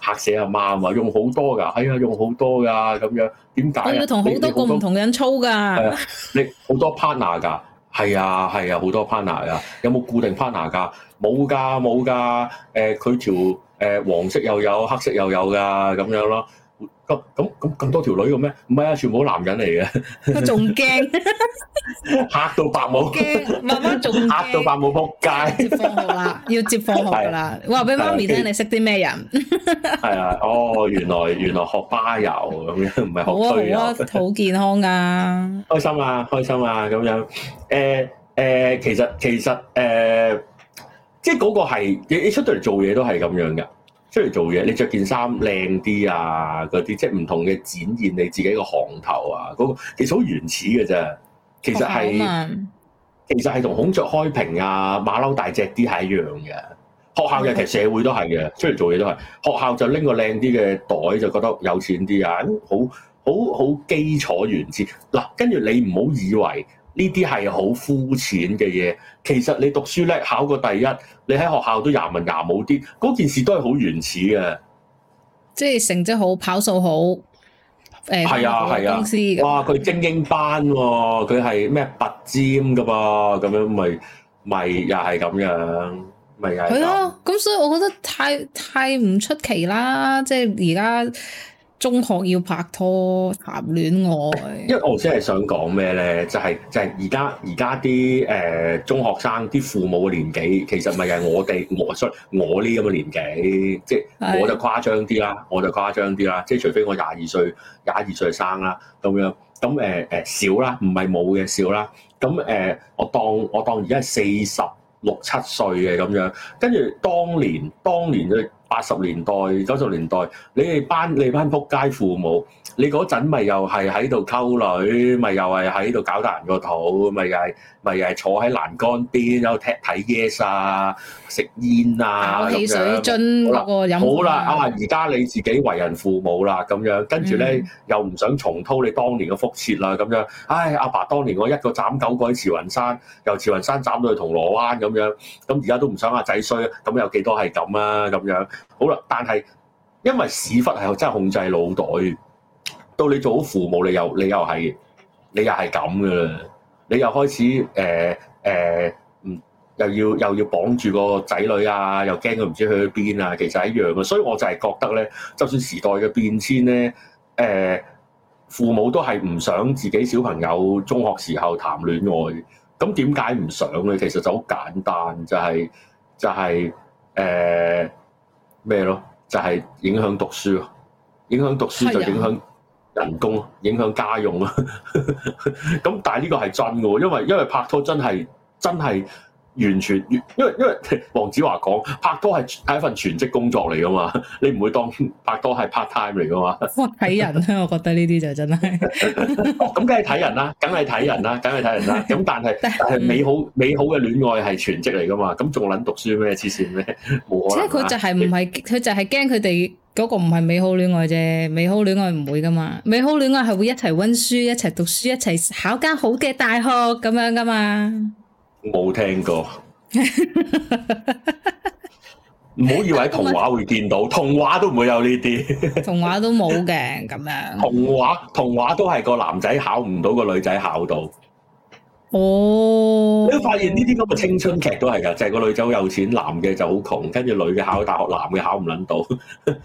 嚇死阿媽啊！用好多噶，哎呀用好多噶咁樣，點解？我要同好多個唔同人操噶，你好多 partner 噶，係啊係啊，好多 partner 啊，啊 part 有冇固定 partner 噶？冇噶冇噶，誒佢、呃、條誒、呃、黃色又有，黑色又有噶咁樣咯。咁咁咁咁多條女嘅咩？唔係啊，全部男人嚟嘅。佢仲驚， 嚇到白母。驚，媽媽仲嚇到白母仆街。 要接放學啦，要接放學嘅啦。你話俾媽咪聽，你識啲咩人？係 啊，哦，原來原來學巴油咁樣，唔係學好啊，好啊。好健康噶、啊， 開心啊，開心啊，咁樣。誒、欸、誒，其實其實誒。即係嗰個係你，你出到嚟做嘢都係咁樣㗎。出嚟做嘢，你着件衫靚啲啊，嗰啲即係唔同嘅展現你自己個行頭啊。嗰、嗰個其實好原始㗎咋。其實係、嗯啊、其實係同孔雀開屏啊、馬騮大隻啲係一樣嘅。學校嘅其實社會都係嘅，出嚟做嘢都係。學校就拎個靚啲嘅袋，就覺得有錢啲啊，好好好基礎原始嗱。跟住你唔好以為。呢啲係好膚淺嘅嘢，其實你讀書叻，考過第一，你喺學校都牙文牙武啲，嗰件事都係好原始嘅，即係成績好，跑數好，誒係啊係啊，公司、啊、哇佢精英班喎、啊，佢係咩拔尖㗎喎、啊，咁樣咪咪又係咁樣，咪、就、係、係、啊，咁所以我覺得太太唔出奇啦，即係而家。中學要拍拖談戀愛，因為我先係想講咩咧，就係、是、就係而家而家啲誒中學生啲父母嘅年紀，其實咪又係我哋和叔我呢啲咁嘅年紀，即係我就誇張啲啦，我就誇張啲啦，即係除非我廿二歲廿二歲生啦，咁樣咁誒誒少啦，唔係冇嘅少啦，咁誒、呃、我當我當而家係四十六七歲嘅咁樣，跟住當年當年嘅。八十年代、九十年代，你哋班你班仆街父母，你嗰陣咪又係喺度溝女，咪又係喺度搞大人個肚，咪又係咪又係坐喺欄杆邊喺度踢睇 yes 啊，食煙啊咁樣。汽水樽嗰個好啦，而家你自己為人父母啦，咁樣跟住咧又唔想重蹈你當年嘅覆轍啦，咁樣。唉，阿爸當年我一個斬九個去慈雲山，由慈雲山斬到去銅鑼灣咁樣，咁而家都唔想阿仔衰，咁有幾多係咁啊？咁樣。好啦，但係因為屎忽係真係控制腦袋，到你做好父母，你又你又係你又係咁噶啦，你又開始誒誒，嗯、呃呃，又要又要綁住個仔女啊，又驚佢唔知去邊啊，其實一樣噶，所以我就係覺得咧，就算時代嘅變遷咧，誒、呃，父母都係唔想自己小朋友中學時候談戀愛，咁點解唔想咧？其實就好簡單，就係、係、就係、係、誒、呃咩咯，就係、係、影響讀書，影響讀書就影響人工，嘅影響家用咯。咁 但係呢個係真嘅，因為因為拍拖真係真係。完全，因為因為黃子華講拍拖係係一份全職工作嚟噶嘛，你唔會當拍拖係 part time 嚟噶嘛。睇人啊，我覺得呢啲就真係，咁梗係睇人啦、啊，梗係睇人啦、啊，梗係睇人啦、啊。咁但係 但係美好美好嘅戀愛係全職嚟噶嘛，咁仲撚讀書咩？黐線咩？冇可能、啊。即係佢就係唔係佢就係驚佢哋嗰個唔係美好戀愛啫，美好戀愛唔會噶嘛，美好戀愛係會一齊溫書、一齊讀書、一齊考間好嘅大學咁樣噶嘛。冇聽過，唔好以為喺童話會見到，童話都唔會有呢啲，童話都冇嘅咁樣。童話童話都係個男仔考唔到個女仔考到。哦，你會發現呢啲咁嘅青春劇都係噶，就係個女仔好有錢，男嘅就好窮，跟住女嘅考大學，男嘅考唔撚到，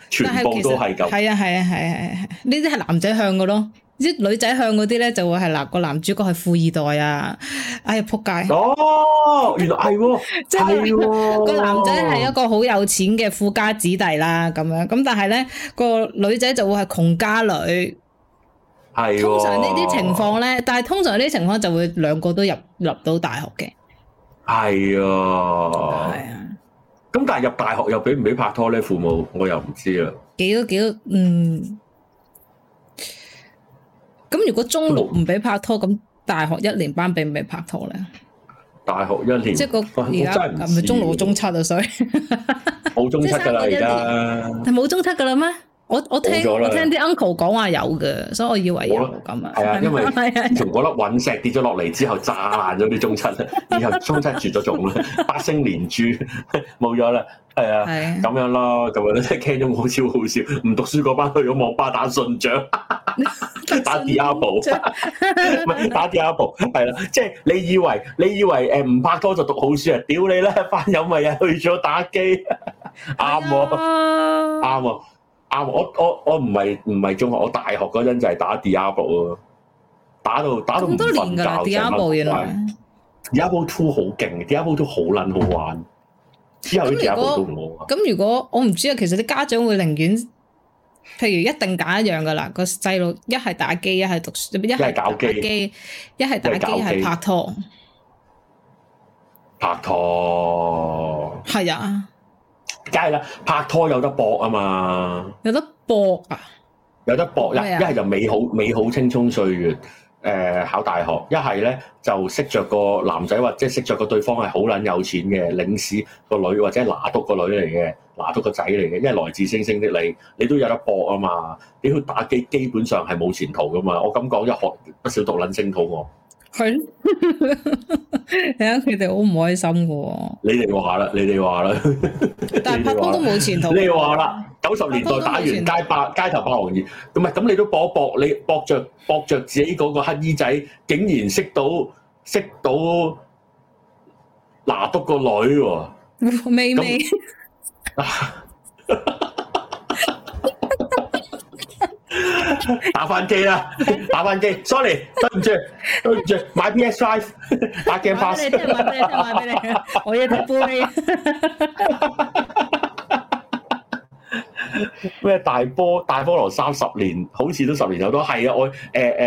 全部都係咁。係啊係啊係係係，呢啲係男仔向㗎咯。啲女仔向嗰啲咧，就會係嗱個男主角係富二代啊！哎呀，撲街！哦，原來係喎，即係，個男仔係一個好有錢嘅富家子弟啦，咁樣咁，但係咧個女仔就會係窮家女，係通常呢啲情況咧，但係通常呢啲情況就會兩個都入入到大學嘅，係啊，係啊，咁但係入大學又俾唔俾拍拖咧？父母我又唔知啊，幾多幾多，嗯。咁如果中六唔畀拍拖，咁大學一年班畀唔畀拍拖咧？大學一年即係個而家唔係中六中七啊，所以冇中七㗎喇，而家係冇中七㗎喇咩？我我聽我聽啲 uncle 講話有嘅，所以我以為咁啊，係的吧啊，因為從嗰粒隕石跌咗落嚟之後炸爛咗啲中七，然 後中七絕咗種啦，八星連珠冇咗啦，係啊，咁、啊、樣咯，咁樣咧，聽咗好超好笑，唔讀書嗰班去咗網吧打信長， 打 diablo 打 diablo 係啦，即、就、係、是、你以為你以為誒唔拍拖就讀好書啊？屌你啦，班友咪又去咗打機，啱啱喎。對 對 對啱我我我唔係唔係中學，我大學嗰陣就係打 Diablo 咯，打到打到咁多年噶啦，Diablo 原來 Diablo Two 好勁，Diablo Two 好捻好玩，之後啲 Diablo 都唔好玩。咁如果我唔知啊，其實啲家長會寧願，譬如一定揀一樣噶啦，個細路一係打機，一係讀書一係搞機，一係打機一係拍拖，拍拖係啊。梗係啦，拍拖有得博啊嘛，有得博啊，有得博一。一係、啊、就美好美好青春歲月，誒、呃、考大學。一係咧就識着個男仔，或者係識著個對方係好捻有錢嘅領事個女，或者拿督個女嚟嘅，拿督個仔嚟嘅。因為來自星星的你，你都有得博啊嘛。你要打機，基本上係冇前途噶嘛。我咁講，一學不少讀撚升肚餓。係，睇下佢哋好唔開心㗎。你哋話啦， 你哋話啦。但係拍拖都冇前途。你話啦，九十年代打完街霸， 街頭霸王二，咁咪咁你都搏一搏，你搏着搏著自己嗰個黑衣仔，竟然識到識到拿督個女。 未未那。 打翻機啦，打翻機，sorry，對唔住，對唔住，買 PS Five， 打 game 翻。我咧即係話咩都買俾你，我要杯。咩 大波大波羅三十年，好似都十年有多，係啊，我誒誒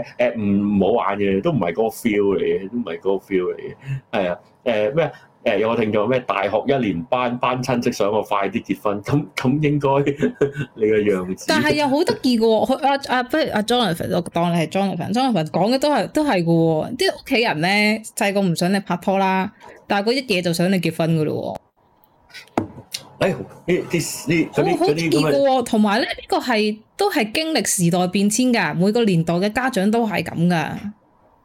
誒誒唔冇玩嘅，都唔係嗰個 feel 嚟嘅，都唔係嗰個 feel 嚟嘅，係啊，誒、欸、咩？有我聽咗咩大學一年班班親戚想我快啲結婚，咁咁應該你個樣。但係又好得意嘅，不如阿張樂凡，我當你係張樂凡。張樂凡講嘅都係都係嘅，啲屋企人咧細個唔想你拍拖啦，但係一嘢就想你結婚嘅咯。誒，呢啲呢好好得意，同埋咧呢個係都係經歷時代變遷噶，每個年代嘅家長都係咁噶。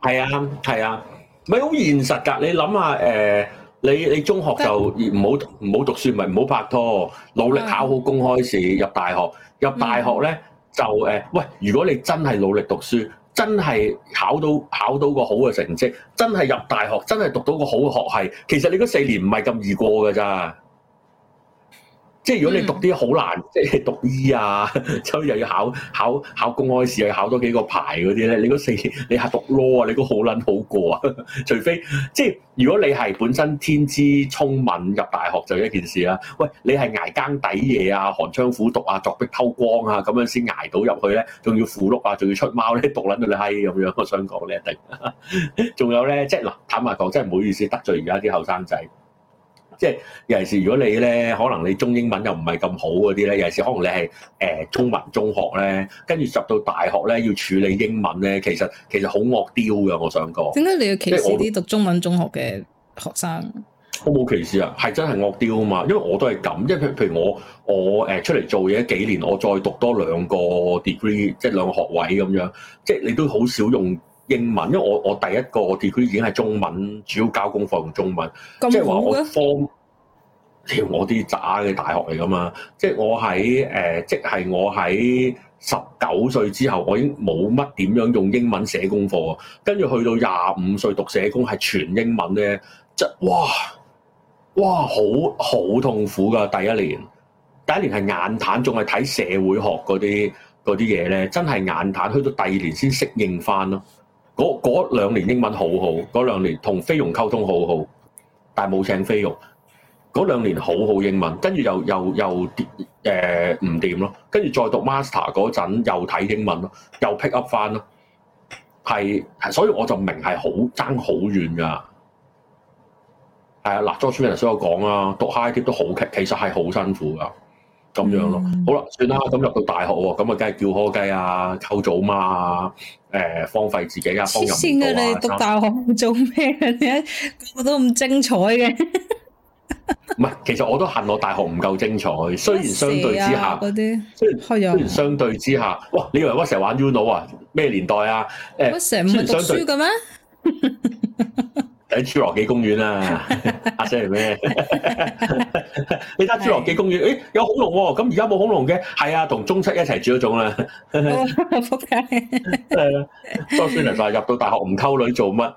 係啊係啊，咪好現實噶，你諗下誒。你你中學就唔好唔好讀書，咪唔好拍拖，努力考好公開試入大學。入大學咧就誒，喂，如果你真係努力讀書，真係考到考到個好嘅成績，真係入大學，真係讀到個好嘅學系，其實你嗰四年唔係咁易過㗎咋。即係如果你讀啲好難，mm. 即係讀醫啊，之 後又要考考考公開試，又要考多幾個牌嗰啲咧，你嗰四你係讀 law 啊，你都好撚好過啊， 除非即係如果你係本身天資聰敏，入大學就一件事啦。喂，你係捱更抵夜啊，寒窗苦讀啊，作壁偷光啊，咁樣先捱到入去咧，仲要苦碌啊，仲要出貓咧，讀撚到你閪咁樣，我想講你一定。仲 有咧，即係嗱，坦白講，真係唔好意思得罪而家啲後生仔。即係，尤其是如果你咧，可能你中英文又唔係咁好嗰啲咧，有時可能你係誒、呃、中文中學咧，跟住入到大學咧要處理英文咧，其實其實好惡刁㗎，我想講。點解你要歧視啲我讀中文中學嘅學生？我冇歧視啊，係真係惡刁啊嘛！因為我都係咁，即係譬，譬如我我誒、呃、出嚟做嘢幾年，我再讀多兩個 degree，即係兩個學位咁樣，即係你都好少用。英文，因為我我第一個我地 e 已經係中文，主要交功課用中文，即係話我方。屌我啲渣嘅大學嚟噶嘛？即、就、係、是、我喺誒，即、呃、係、就是、我喺十九歲之後，我已經冇乜點樣用英文寫功課。跟住去到廿五歲讀社工系全英文咧，即哇哇好好痛苦噶。第一年第一年係眼淡，仲係睇社會學嗰啲啲嘢咧，真係眼淡。去到第二年先適應翻咯。嗰兩年英文好好，嗰、那個、兩年同菲傭溝通好好，但冇請菲傭。嗰、那個、兩年好好英文，跟住又又又跌誒唔掂咯。跟、呃、住再讀 master 嗰陣又睇英文咯，又 pick up 翻咯，係所以我就明係好爭好遠噶。係啊，嗱，莊先生有講啊，讀 high tier 都好，其實係好辛苦噶。咁、嗯、樣咯，好啦，算啦，咁入到大學喎，咁啊，梗係叫科雞啊，溝組媽啊，誒，荒廢自己啊，黐線嘅，你讀大學做咩？你個個都咁精彩嘅，唔 係，其實我都恨我大學唔夠精彩，雖然相對之下，啊、雖然、啊、雖然相對之下，哇，你以為我成日玩 UNO 啊？咩年代啊？誒、呃，我成日唔係讀書嘅咩？ 喺侏羅紀公園啊？阿 Sir 係咩？ 你睇侏羅紀公園，誒，有恐龍喎，咁而家冇恐龍嘅，係啊，同中七一齊住嗰種啦。仆 街 ！真係啦，莊 Sir 就入到大學唔溝女做乜？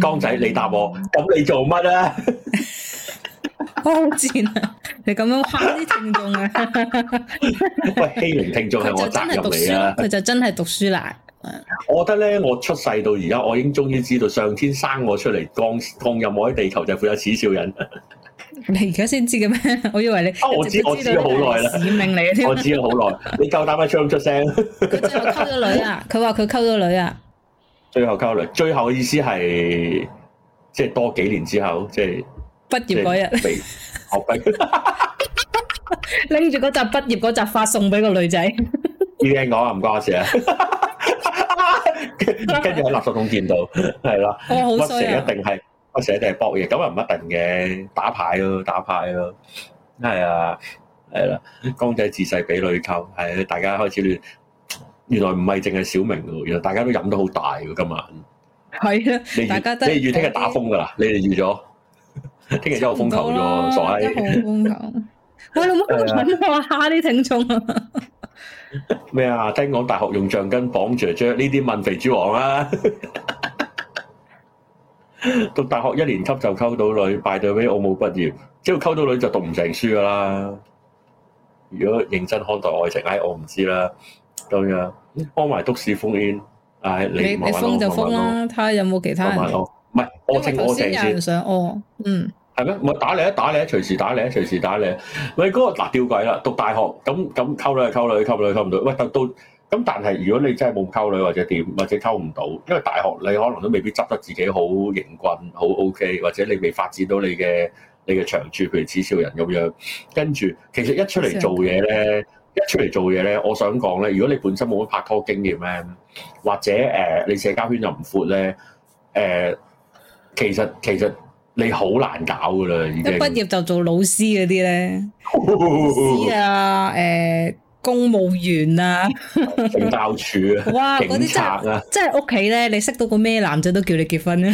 江仔你答我，咁你做乜啊？我好賤啊！你咁樣坑啲聽眾啊！不欺凌聽眾係我責任嚟啊！佢 就真係讀書啦。我覺得咧，我出世到而家，我已經終於知道上天生我出嚟，降降入我喺地球，就係負責恥笑人。你而家先知嘅咩？我以為你， 啊、我知，知我知好耐啦，使命 我知好耐，你夠膽咪出唔出聲？佢最後溝咗女啊！佢話佢溝咗女啊！最後溝女，最後嘅意思係即係多幾年之後，即係畢業嗰日，學費拎住嗰扎畢業嗰扎花送俾個女仔。應我啊，唔關事啊。跟住喺垃圾桶見到、 哦，係啦、啊，乜蛇一定係我蛇，一定係搏嘢，咁又唔一定嘅。打牌咯、啊，打牌咯，係啊，係 啦、啊啊，光仔自細俾女溝，係、啊、大家開始亂，原來唔係淨係小明，原來大家都飲得好大噶今晚！係啊，大家都 預聽日、啊、打風噶啦，你哋預咗，聽日之後風球咗，傻閪，好風球，我老母揾我蝦啲聽眾。 咩啊？聽講大學用橡筋綁住，將呢啲問肥豬王啦、啊。 讀大學一年級就溝到女，拜託俾我冇畢業，只要溝到女就讀唔成書噶啦。如果認真看待愛情，唉、啊，我唔知啦。咁樣，安埋都市封煙，唉、哎，你你,你,你封就封啦，睇下有冇其他嘅。唔係，我頭先有人上我、哦，嗯。係咩？我打你啊！打你啊！隨時打你啊！隨時打你！喂，嗰個嗱吊鬼啦！讀大學咁咁溝女係溝女，溝女溝唔到。喂，到到咁，但係如果你真係冇溝女或者點，或者溝唔到，因為大學你可能都未必執得自己好型棍，好 OK，或者你未發展到你嘅你嘅長處，譬如紫小人咁樣。跟住，其實一出嚟做嘢咧，一出嚟做嘢咧，我想講咧，如果你本身冇乜拍拖經驗咧，或者誒你社交圈又唔闊咧，誒，其實其實。你好難搞㗎喇，一畢業就做老師嗰啲咧， 師啊，誒、欸，公務員啊，教處啊，警察啊，真係屋企咧，啊、你識到個咩男仔都叫你結婚咧，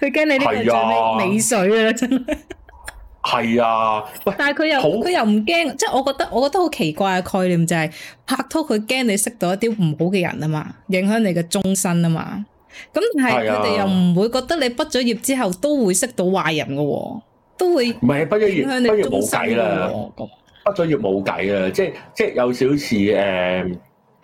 佢 驚你啲邊做咩美水啊真係，係 啊，但係佢又佢好又唔驚，即、就、係、是、我覺得我覺得好奇怪嘅概念就係、是、拍拖佢驚你識到一啲唔好嘅人啊嘛，影響你嘅終身啊嘛。咁但係佢哋又唔會覺得你畢咗業之後都會識到壞人嘅喎，都會唔係畢咗業，畢咗業冇計啦。咁畢咗業冇計啊，即係即係有少少似誒誒誒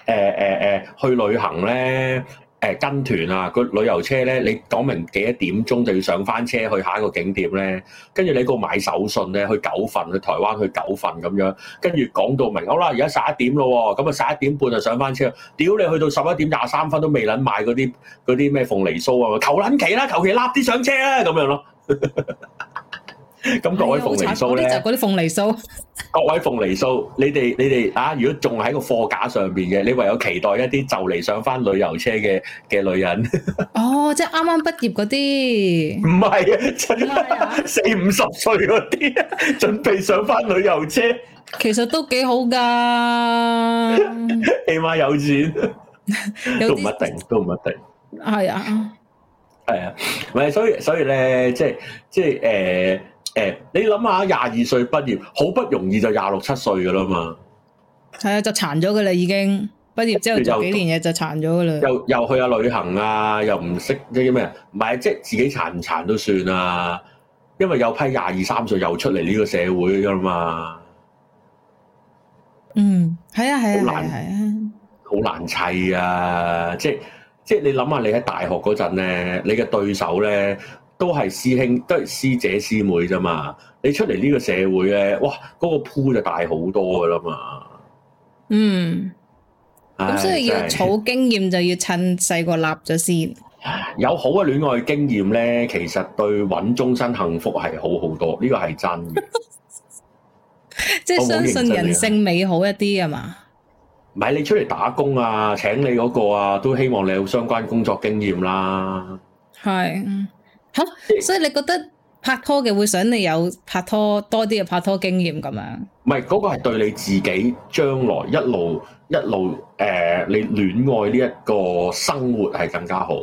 誒去旅行咧。誒、呃、跟團啊，個旅遊車咧，你講明幾多點鐘就要上翻車去下一個景點咧，跟住你嗰個買手信咧，去九份去台灣去九份咁樣，跟住講到明，好啦，而家十一點咯、哦，咁啊十一點半就上翻車，屌你去到十一點廿三分都未撚買嗰啲啲咩鳳梨酥啊，求撚期啦，求其立啲上車啦咁樣咯。 咁各位鳳梨酥咧，就嗰啲鳳梨酥。各位鳳梨酥，你哋你哋啊，如果仲喺個貨架上邊嘅，你唯有期待一啲就嚟上翻旅遊車嘅嘅女人。哦，即係啱啱畢業嗰啲，唔係，四五十歲嗰啲，準備上翻旅遊車，其實都幾好噶，起碼有錢，都唔一定，都唔一定，係啊，係啊，唔係，所以所以咧，即係即係誒。誒、欸，你諗下廿二歲畢業，好不容易就廿六七歲噶啦嘛，係啊，就殘咗噶啦，已經畢業之後做幾年嘢就殘咗噶啦，又又去下旅行啊，又唔識即係咩？唔係即係自己殘唔殘都算啊，因為有批廿二三歲又出嚟呢個社會噶嘛，嗯，係啊，係啊，好難係啊，好難砌啊，即係即係你諗下，你喺大學嗰陣咧，你嘅對手咧。都係師兄，都係師姐師妹啫嘛。你出嚟呢個社會咧，哇，嗰、那個鋪就大好多噶啦嘛。嗯，咁唉所以要儲經驗就要趁細個立咗先。有好嘅戀愛經驗咧，其實對揾終身幸福係好好多，呢個係真嘅。 即係相信人性美好一啲啊嘛。唔係、嗯、你出嚟打工啊，請你嗰個啊，都希望你有相關工作經驗啦。係、 嗯。吓，所以你覺得拍拖嘅會想你有拍拖多啲嘅拍拖經驗咁樣？唔係，嗰個係對你自己將來一路一路誒，你戀愛呢一個生活係更加好。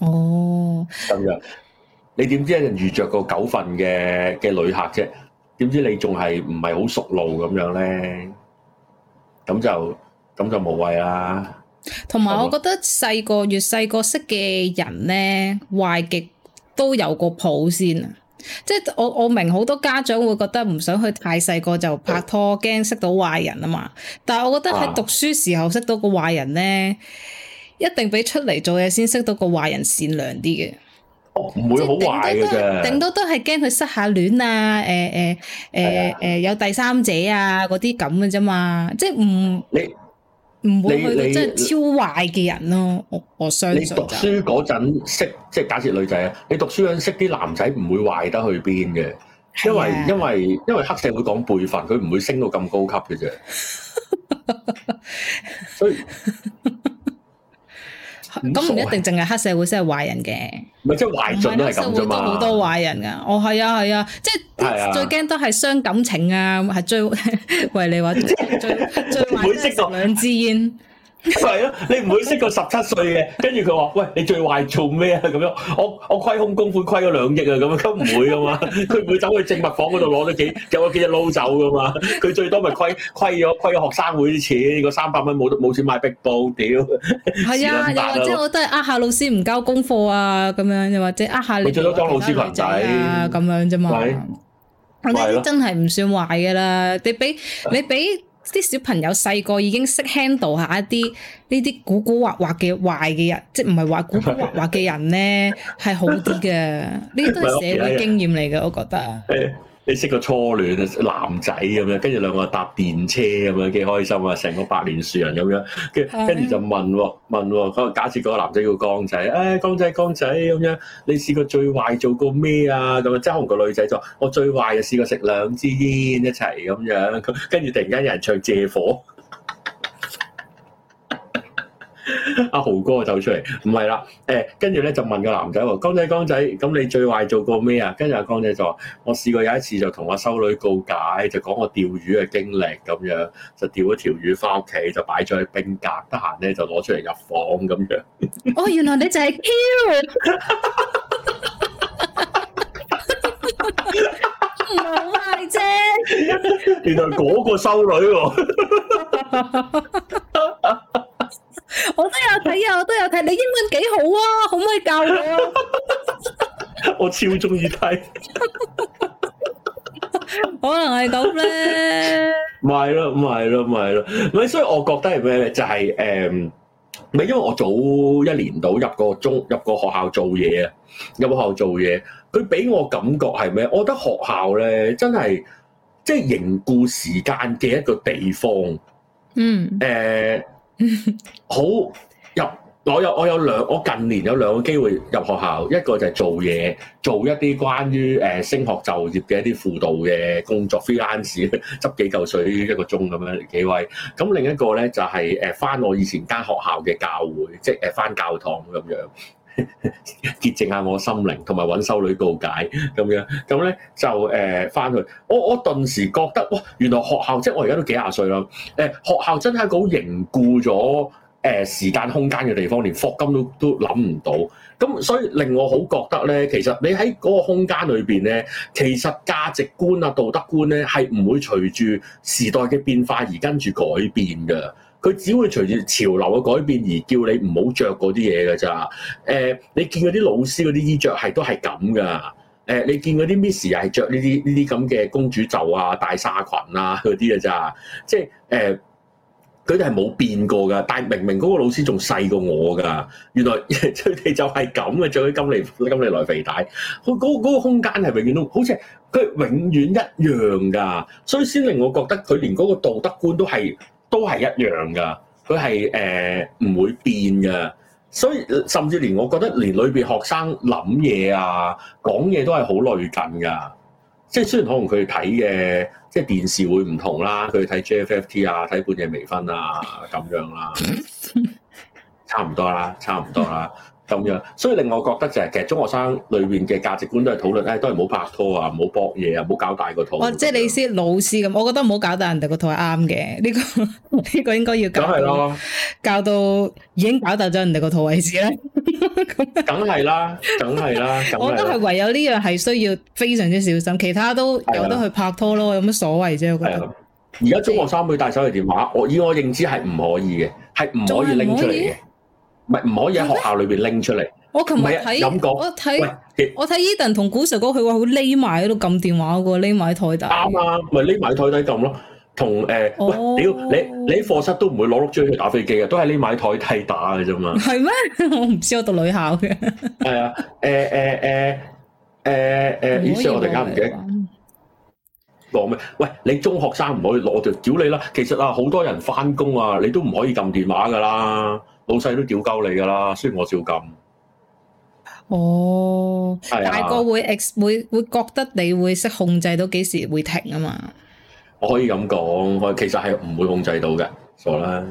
哦，咁樣。你點知係遇著個九份嘅嘅旅客啫？點知你仲係唔係好熟路咁樣咧？咁就咁就無謂啦。同埋，我覺得細個越細個識嘅人咧，壞極都有個譜先啊！即係我我明好多家長會覺得唔想去太細個就拍拖，驚識到壞人啊嘛。但係我覺得喺讀書時候識到個壞人咧，一定比出嚟做嘢先識到個壞人善良啲嘅。哦，唔會好壞嘅啫，頂多都係驚佢失下戀啊！誒誒誒誒，有第三者啊嗰啲咁嘅啫嘛，即係唔你。唔會你去即係你超壞嘅人咯，我我相信。你讀書嗰陣識，即係假設女仔啊，你讀書嗰陣識啲男仔，唔會壞得去邊嘅，因為的因為因為黑社會講輩分，佢唔會升到咁高級嘅啫， 所以。 都唔、嗯、一定淨係黑社會先係壞人嘅，唔係即係壞人。都係咁啫嘛。黑社會好多壞人噶，哦，係啊係啊，啊，即係、啊、最驚都係傷感情啊，係最 喂你話最 最壞就食兩支煙。 係咯， 你唔會識個十七歲嘅，跟住佢話：喂，你最壞做咩啊？咁樣，我我虧空公款虧咗兩億啊！咁樣都唔會噶嘛，佢唔 會走去證物房嗰度攞咗幾有咗幾隻撈走噶嘛。佢最多咪虧虧咗虧咗學生會啲錢，個三百蚊冇冇錢買壁報，屌 ！係啊，又或者我都係呃、啊、下老師唔交功課啊，咁樣又或者呃下你最多裝老師群仔啊，咁樣啫嘛。老師 真係唔算壞噶啦，你俾你俾。你 啲小朋友細個已經識 handle 下一啲呢啲古古惑惑嘅壞嘅人，即係唔係話古古惑惑嘅人咧係 好啲嘅，呢啲都係社會經驗嚟嘅，我覺得啊。你識個初戀男仔咁樣，跟住兩個搭電車咁樣，幾開心啊！成個百年樹人咁樣，跟跟住就問喎問喎，假設嗰個男仔叫江仔，誒、哎、江仔江仔咁樣，你試過最壞做過咩啊？咁啊，周紅個女仔就話，我最壞就試過食兩支煙一齊咁樣，跟住突然間有人唱借火。阿、啊、豪哥走出嚟，唔係啦，誒、欸，跟住咧就問個男仔，江仔江仔，咁你最壞做過咩啊？跟住阿江仔就話，我試過有一次就同個修女告解，就講我釣魚嘅經歷咁樣，就釣咗條魚翻屋企，就擺咗喺冰格，得閒咧就攞出嚟入房咁樣。哦，oh, 原來你就係 Q，唔係啫。原來嗰個修女。 我都有睇啊，我都有睇。你英文幾好啊？可唔可以教我、啊？ 我超中意睇，可能係咁咧。咪咯， 咪咯，咪咯。咪 所以我覺得係咩咧？就係、是、誒、咪、嗯嗯、因為我早一年到入個中入個學校做嘢啊，入學校做嘢，佢俾我感覺係咩？我覺得學校咧真係即係凝固時間嘅一個地方。嗯、誒。好入，我有我有兩，我近年有兩個機會入學校，一個就係做嘢，做一啲關於誒升學就業嘅一啲輔導嘅工作，freelance 執幾嚿水一個鐘咁樣幾威。咁另一個呢就係誒返我以前間學校嘅教會，即係誒返教堂咁樣。潔淨 下我心靈，同埋揾修女告解咁樣，咁呢，就誒翻、呃、去，我我頓時覺得，哇！原來學校即係我而家都幾廿歲啦，誒、呃，學校真係一個好凝固咗誒、呃、時間空間嘅地方，連霍金都都諗唔到，咁所以令我好覺得呢，其實你喺嗰個空間裏邊呢，其實價值觀啊、道德觀呢，係唔會隨住時代嘅變化而跟住改變嘅。佢只會隨住潮流嘅改變而叫你唔好着嗰啲嘢嘅咋？誒、呃，你見嗰啲老師嗰啲衣着係都係咁噶。誒、呃，你見嗰啲 miss 啊，係著呢啲呢啲咁嘅公主袖啊、大紗裙啊嗰啲嘅咋？即係誒，佢哋係冇變過噶。但係明明嗰個老師仲細過我㗎，原來佢哋就係咁嘅，着啲金利金利來肥帶。佢嗰嗰個空間係永遠都好似佢永遠一樣㗎，所以先令我覺得佢連嗰個道德觀都係。都係一樣噶，佢係誒唔會變噶，所以甚至連我覺得連裏邊學生諗嘢啊、講嘢都係好類近噶，即係雖然可能佢睇嘅即係電視會唔同啦，佢睇 JFFT 啊、睇半夜微醺啊咁樣啦，差唔多啦，差唔多啦。 咁樣，所以令我覺得就係其實中學生裏邊嘅價值觀都係討論咧、哎，都係唔好拍拖啊，唔好搏嘢啊，唔好搞大個肚。即係你先老師咁，我覺得唔好搞大人哋個肚係啱嘅，呢個呢個應該要教係咯，教到已經搞大咗人哋個肚為止。咧。梗係啦，梗係啦，梗係啦。我都係唯有呢樣係需要非常之小心，其他都有得去拍拖咯，有乜所謂啫？我覺得。而家中學生會帶手提電話，我以我認知係唔可以嘅，係唔可以拎出嚟嘅。唔係唔可以喺學校裏邊拎出嚟。我琴日睇，我睇，我睇 Edan 同古 Sir 講，佢話好匿埋喺度撳電話嘅喎，匿埋喺台底。啱啱，咪匿埋台底撳咯。同誒，喂，屌你你喺課室都唔會攞碌追去打飛機嘅，都係匿埋台底打嘅啫嘛。係咩？我唔知我讀女校嘅。係啊，誒誒誒誒誒，Ethan 我突然間唔記得。講咩？喂，你中學生唔可以攞住屌你啦！其實啊，好多人返工啊，你都唔可以撳電話㗎啦，老細都屌鳩你㗎啦，雖然我少撳。哦，大個會 ex 會會覺得你會識控制到幾時會停啊嘛？我可以咁講，我其實係唔會控制到嘅，傻啦！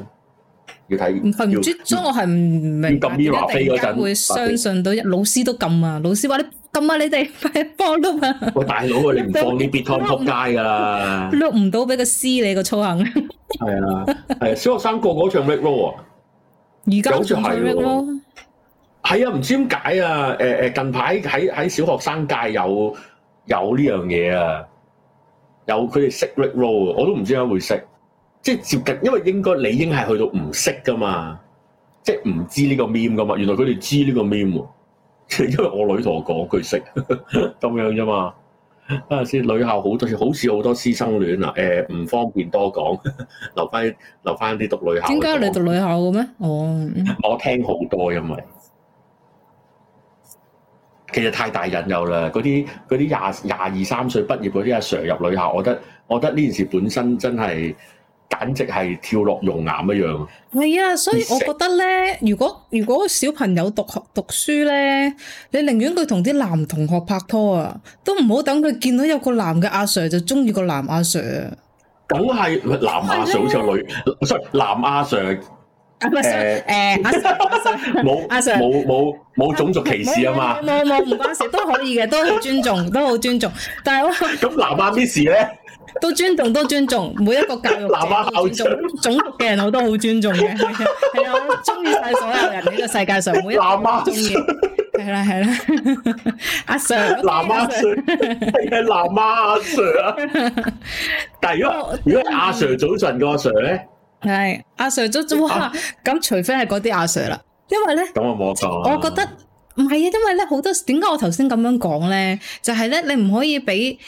要睇唔知中，我係唔明。要撳 V R 飛嗰陣，會相信到老師都撳啊！老師話你。咁、哎、啊！你哋快放碌 是啊！喂大佬啊，你唔放啲 Beyond 撲街噶啦，碌唔到俾個師你個粗行。係啊，係、啊、小學生過嗰場 Rickroll 咯，而家好似 Rickroll 係啊，唔知點解啊？誒、欸、誒，近排喺喺小學生界有有呢樣嘢啊，有佢哋識 Rickroll 咯，我都唔知點解會識，即係接近，因為應該理應係去到唔識噶嘛，即係唔知呢個 meme 噶嘛，原來佢哋知呢個 meme。因為我女同我講句：「識咁樣啫嘛，啱、啊、先女校好多好似好多師生戀啊，誒、呃、唔方便多講， 留翻，留翻啲讀女校。點解你讀女校嘅咩？哦，我聽好多因為其實太大引誘啦，嗰啲啲廿廿二三歲畢業嗰啲阿、啊、sir 入女校，我覺得我覺得呢件事本身真係。簡直係跳落熔岩一樣。係啊、ok so, mo an，所以我覺得咧，如果如果個小朋友讀學讀書咧，你寧願佢同啲男同學拍拖啊，都唔好等佢見到有個男嘅阿 sir 就中意個男阿 sir。啊。梗係男阿 sir 好似個女，所以男阿 sir。阿 s 誒誒，冇阿 sir 冇冇冇種族歧視啊嘛。冇冇唔關事，都可以嘅，都好尊重，都好尊重。但係我咁男扮 Miss 咧？都尊重，都尊重，每一個教育尊重種族嘅人，我都好尊重嘅。係啊，我中意晒所有人，呢個世界上每一個。南媽中意，係啦係啦，阿 Sir，南媽 Sir，係係南媽阿 Sir 啊。但係，如果如果阿 Sir 早晨嘅阿 Sir 咧，係阿 Sir 早哇，咁除非係嗰啲阿 Sir 啦，因為咧，咁我冇講。我覺得唔係啊，因為咧好多點解我頭先咁樣講咧，就係咧你唔可以俾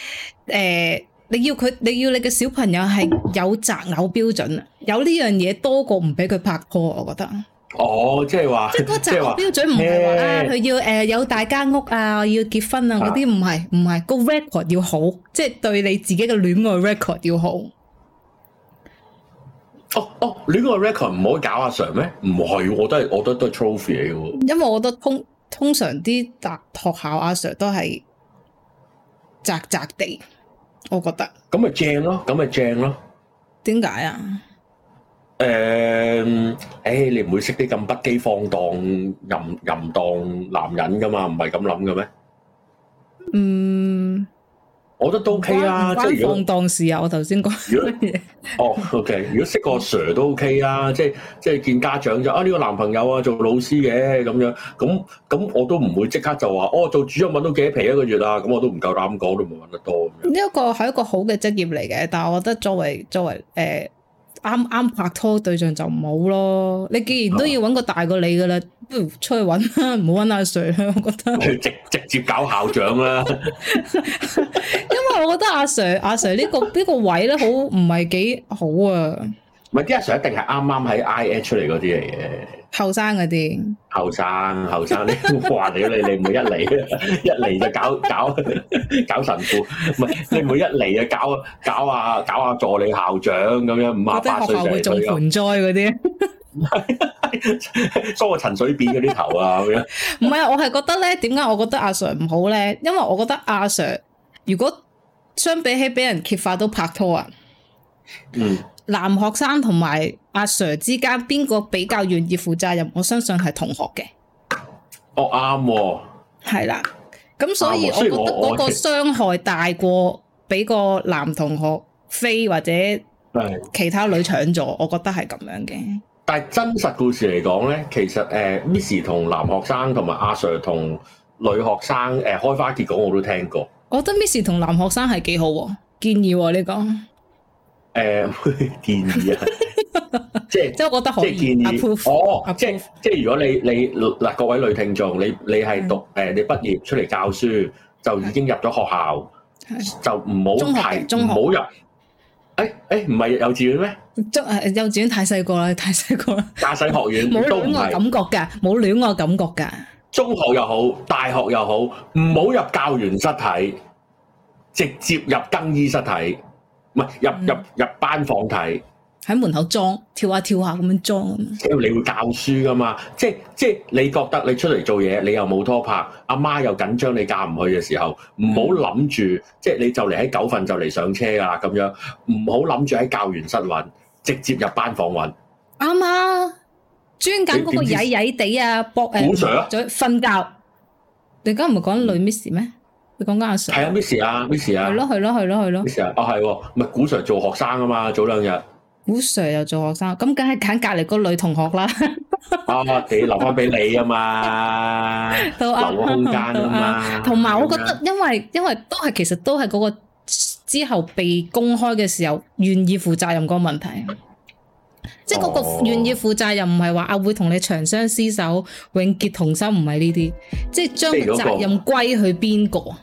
誒。你要佢，你要你嘅小朋友係有擇偶標準，有呢樣嘢多過唔俾佢拍拖，我覺得。哦，就是，即係話，即係嗰個擇偶標準唔係話啊，佢要誒，呃、有大間屋啊，要結婚啊嗰啲，唔係唔係個 record 要好，即係對你自己嘅戀愛 record 要好。哦哦，戀，哦，愛 record 唔可以搞阿 Sir 咩？唔係，我都係我都我都係 trophy 嚟嘅。因為我覺得通通常啲大學校阿 Sir 都係擇擇地。我覺得咁咪正咯，咁咪正咯。點解啊？誒，誒，你唔會識啲咁不羈放蕩、淫淫蕩男人㗎嘛？唔係咁諗嘅咩？嗯。我覺得都 OK 啊，即係如果放啊，我頭先講。如 哦，OK，如果識個 Sir 都 OK 啊， 即係即係見家長就啊，呢，呢個男朋友啊做老師嘅咁樣，咁咁我都唔會即刻就話哦做主任搵到幾多皮一個月啊，咁我都唔夠膽講都冇係搵得多。呢一個係一個好嘅職業嚟嘅，但係我覺得作為作為誒。呃啱啱拍拖對象就唔好咯，你既然都要揾個大過你噶啦，不如出去揾啦，唔好揾阿 Sir 我覺得。去直直接搞校長啦，因為我覺得阿 Sir 阿 Sir 呢個呢 個位咧好唔係幾好啊。唔係啲阿 Sir 一定係啱啱喺 IH 出嚟嗰啲嚟嘅。後生嗰啲，後生後生，你哇嚟你，你唔會一嚟 一嚟就搞搞搞神父，唔係你唔會一嚟就搞搞啊搞啊助理校長咁樣五啊八歲，學校會做盆栽嗰啲，梳個陳水扁嗰啲頭啊咁樣。唔係啊，我係覺得咧，點解我覺得阿 Sir 唔好咧？因為我覺得阿 Sir 如果相比起俾人揭發到拍拖啊，嗯。男學生同埋阿 Sir 之間邊個比較願意負責任？我相信係同學嘅。哦啱。係啦、啊，咁所，、啊、所以我，我覺得嗰個傷害大過俾個男同學飛或者其他女搶咗，我覺得係咁樣嘅。但係真實故事嚟講咧，其實誒 Miss 同男學生同埋阿 Sir 同女學生誒、呃、開花結果我都聽過。我覺得 Miss 同男學生係幾好建議呢、啊這個。誒，建議啊，即係即係，我覺得好即係建議哦，即係即係，如果你你嗱各位女聽眾，你你係讀誒，你畢業出嚟教書，就已經入咗學校，就唔好提唔好入，誒誒，唔係幼稚園咩？誒幼稚園太細個啦，太細個啦，駕駛學院都冇戀愛感覺噶，冇戀愛感覺噶，中學又好，大學又好，唔好入教員室睇，直接入更衣室睇。入入入班房睇，喺、嗯、門口裝跳下跳下咁樣裝。因為你會教書噶嘛，即係即係你覺得你出嚟做嘢，你又冇拖拍，阿媽又緊張，你嫁唔去嘅時候，唔好諗住，即係你就嚟喺狗瞓就嚟上車噶啦咁樣，唔好諗住喺教員室揾，直接入班房揾。啱啊，專揀嗰個曳曳地啊，搏誒，再瞓覺。你而家唔係講女 miss 咩？嗯你講緊阿 Sir 係啊，Miss 啊，Miss 啊，係咯、啊，係咯，係咯，係咯，Miss 啊，哦係，咪古 Sir 做學生啊嘛，早兩日古 Sir 又做學生，咁梗係揀隔籬嗰女同學啦。 哦，留你要留翻俾你啊嘛， 留空間啊嘛。同埋，我覺得因為因為都係其實都係嗰個之後被公開嘅時候，願意負責任個問題，哦、即係嗰個願意負責任唔係話我會同你長相廝守，永結同心，唔係呢啲，即係將責任歸去邊個？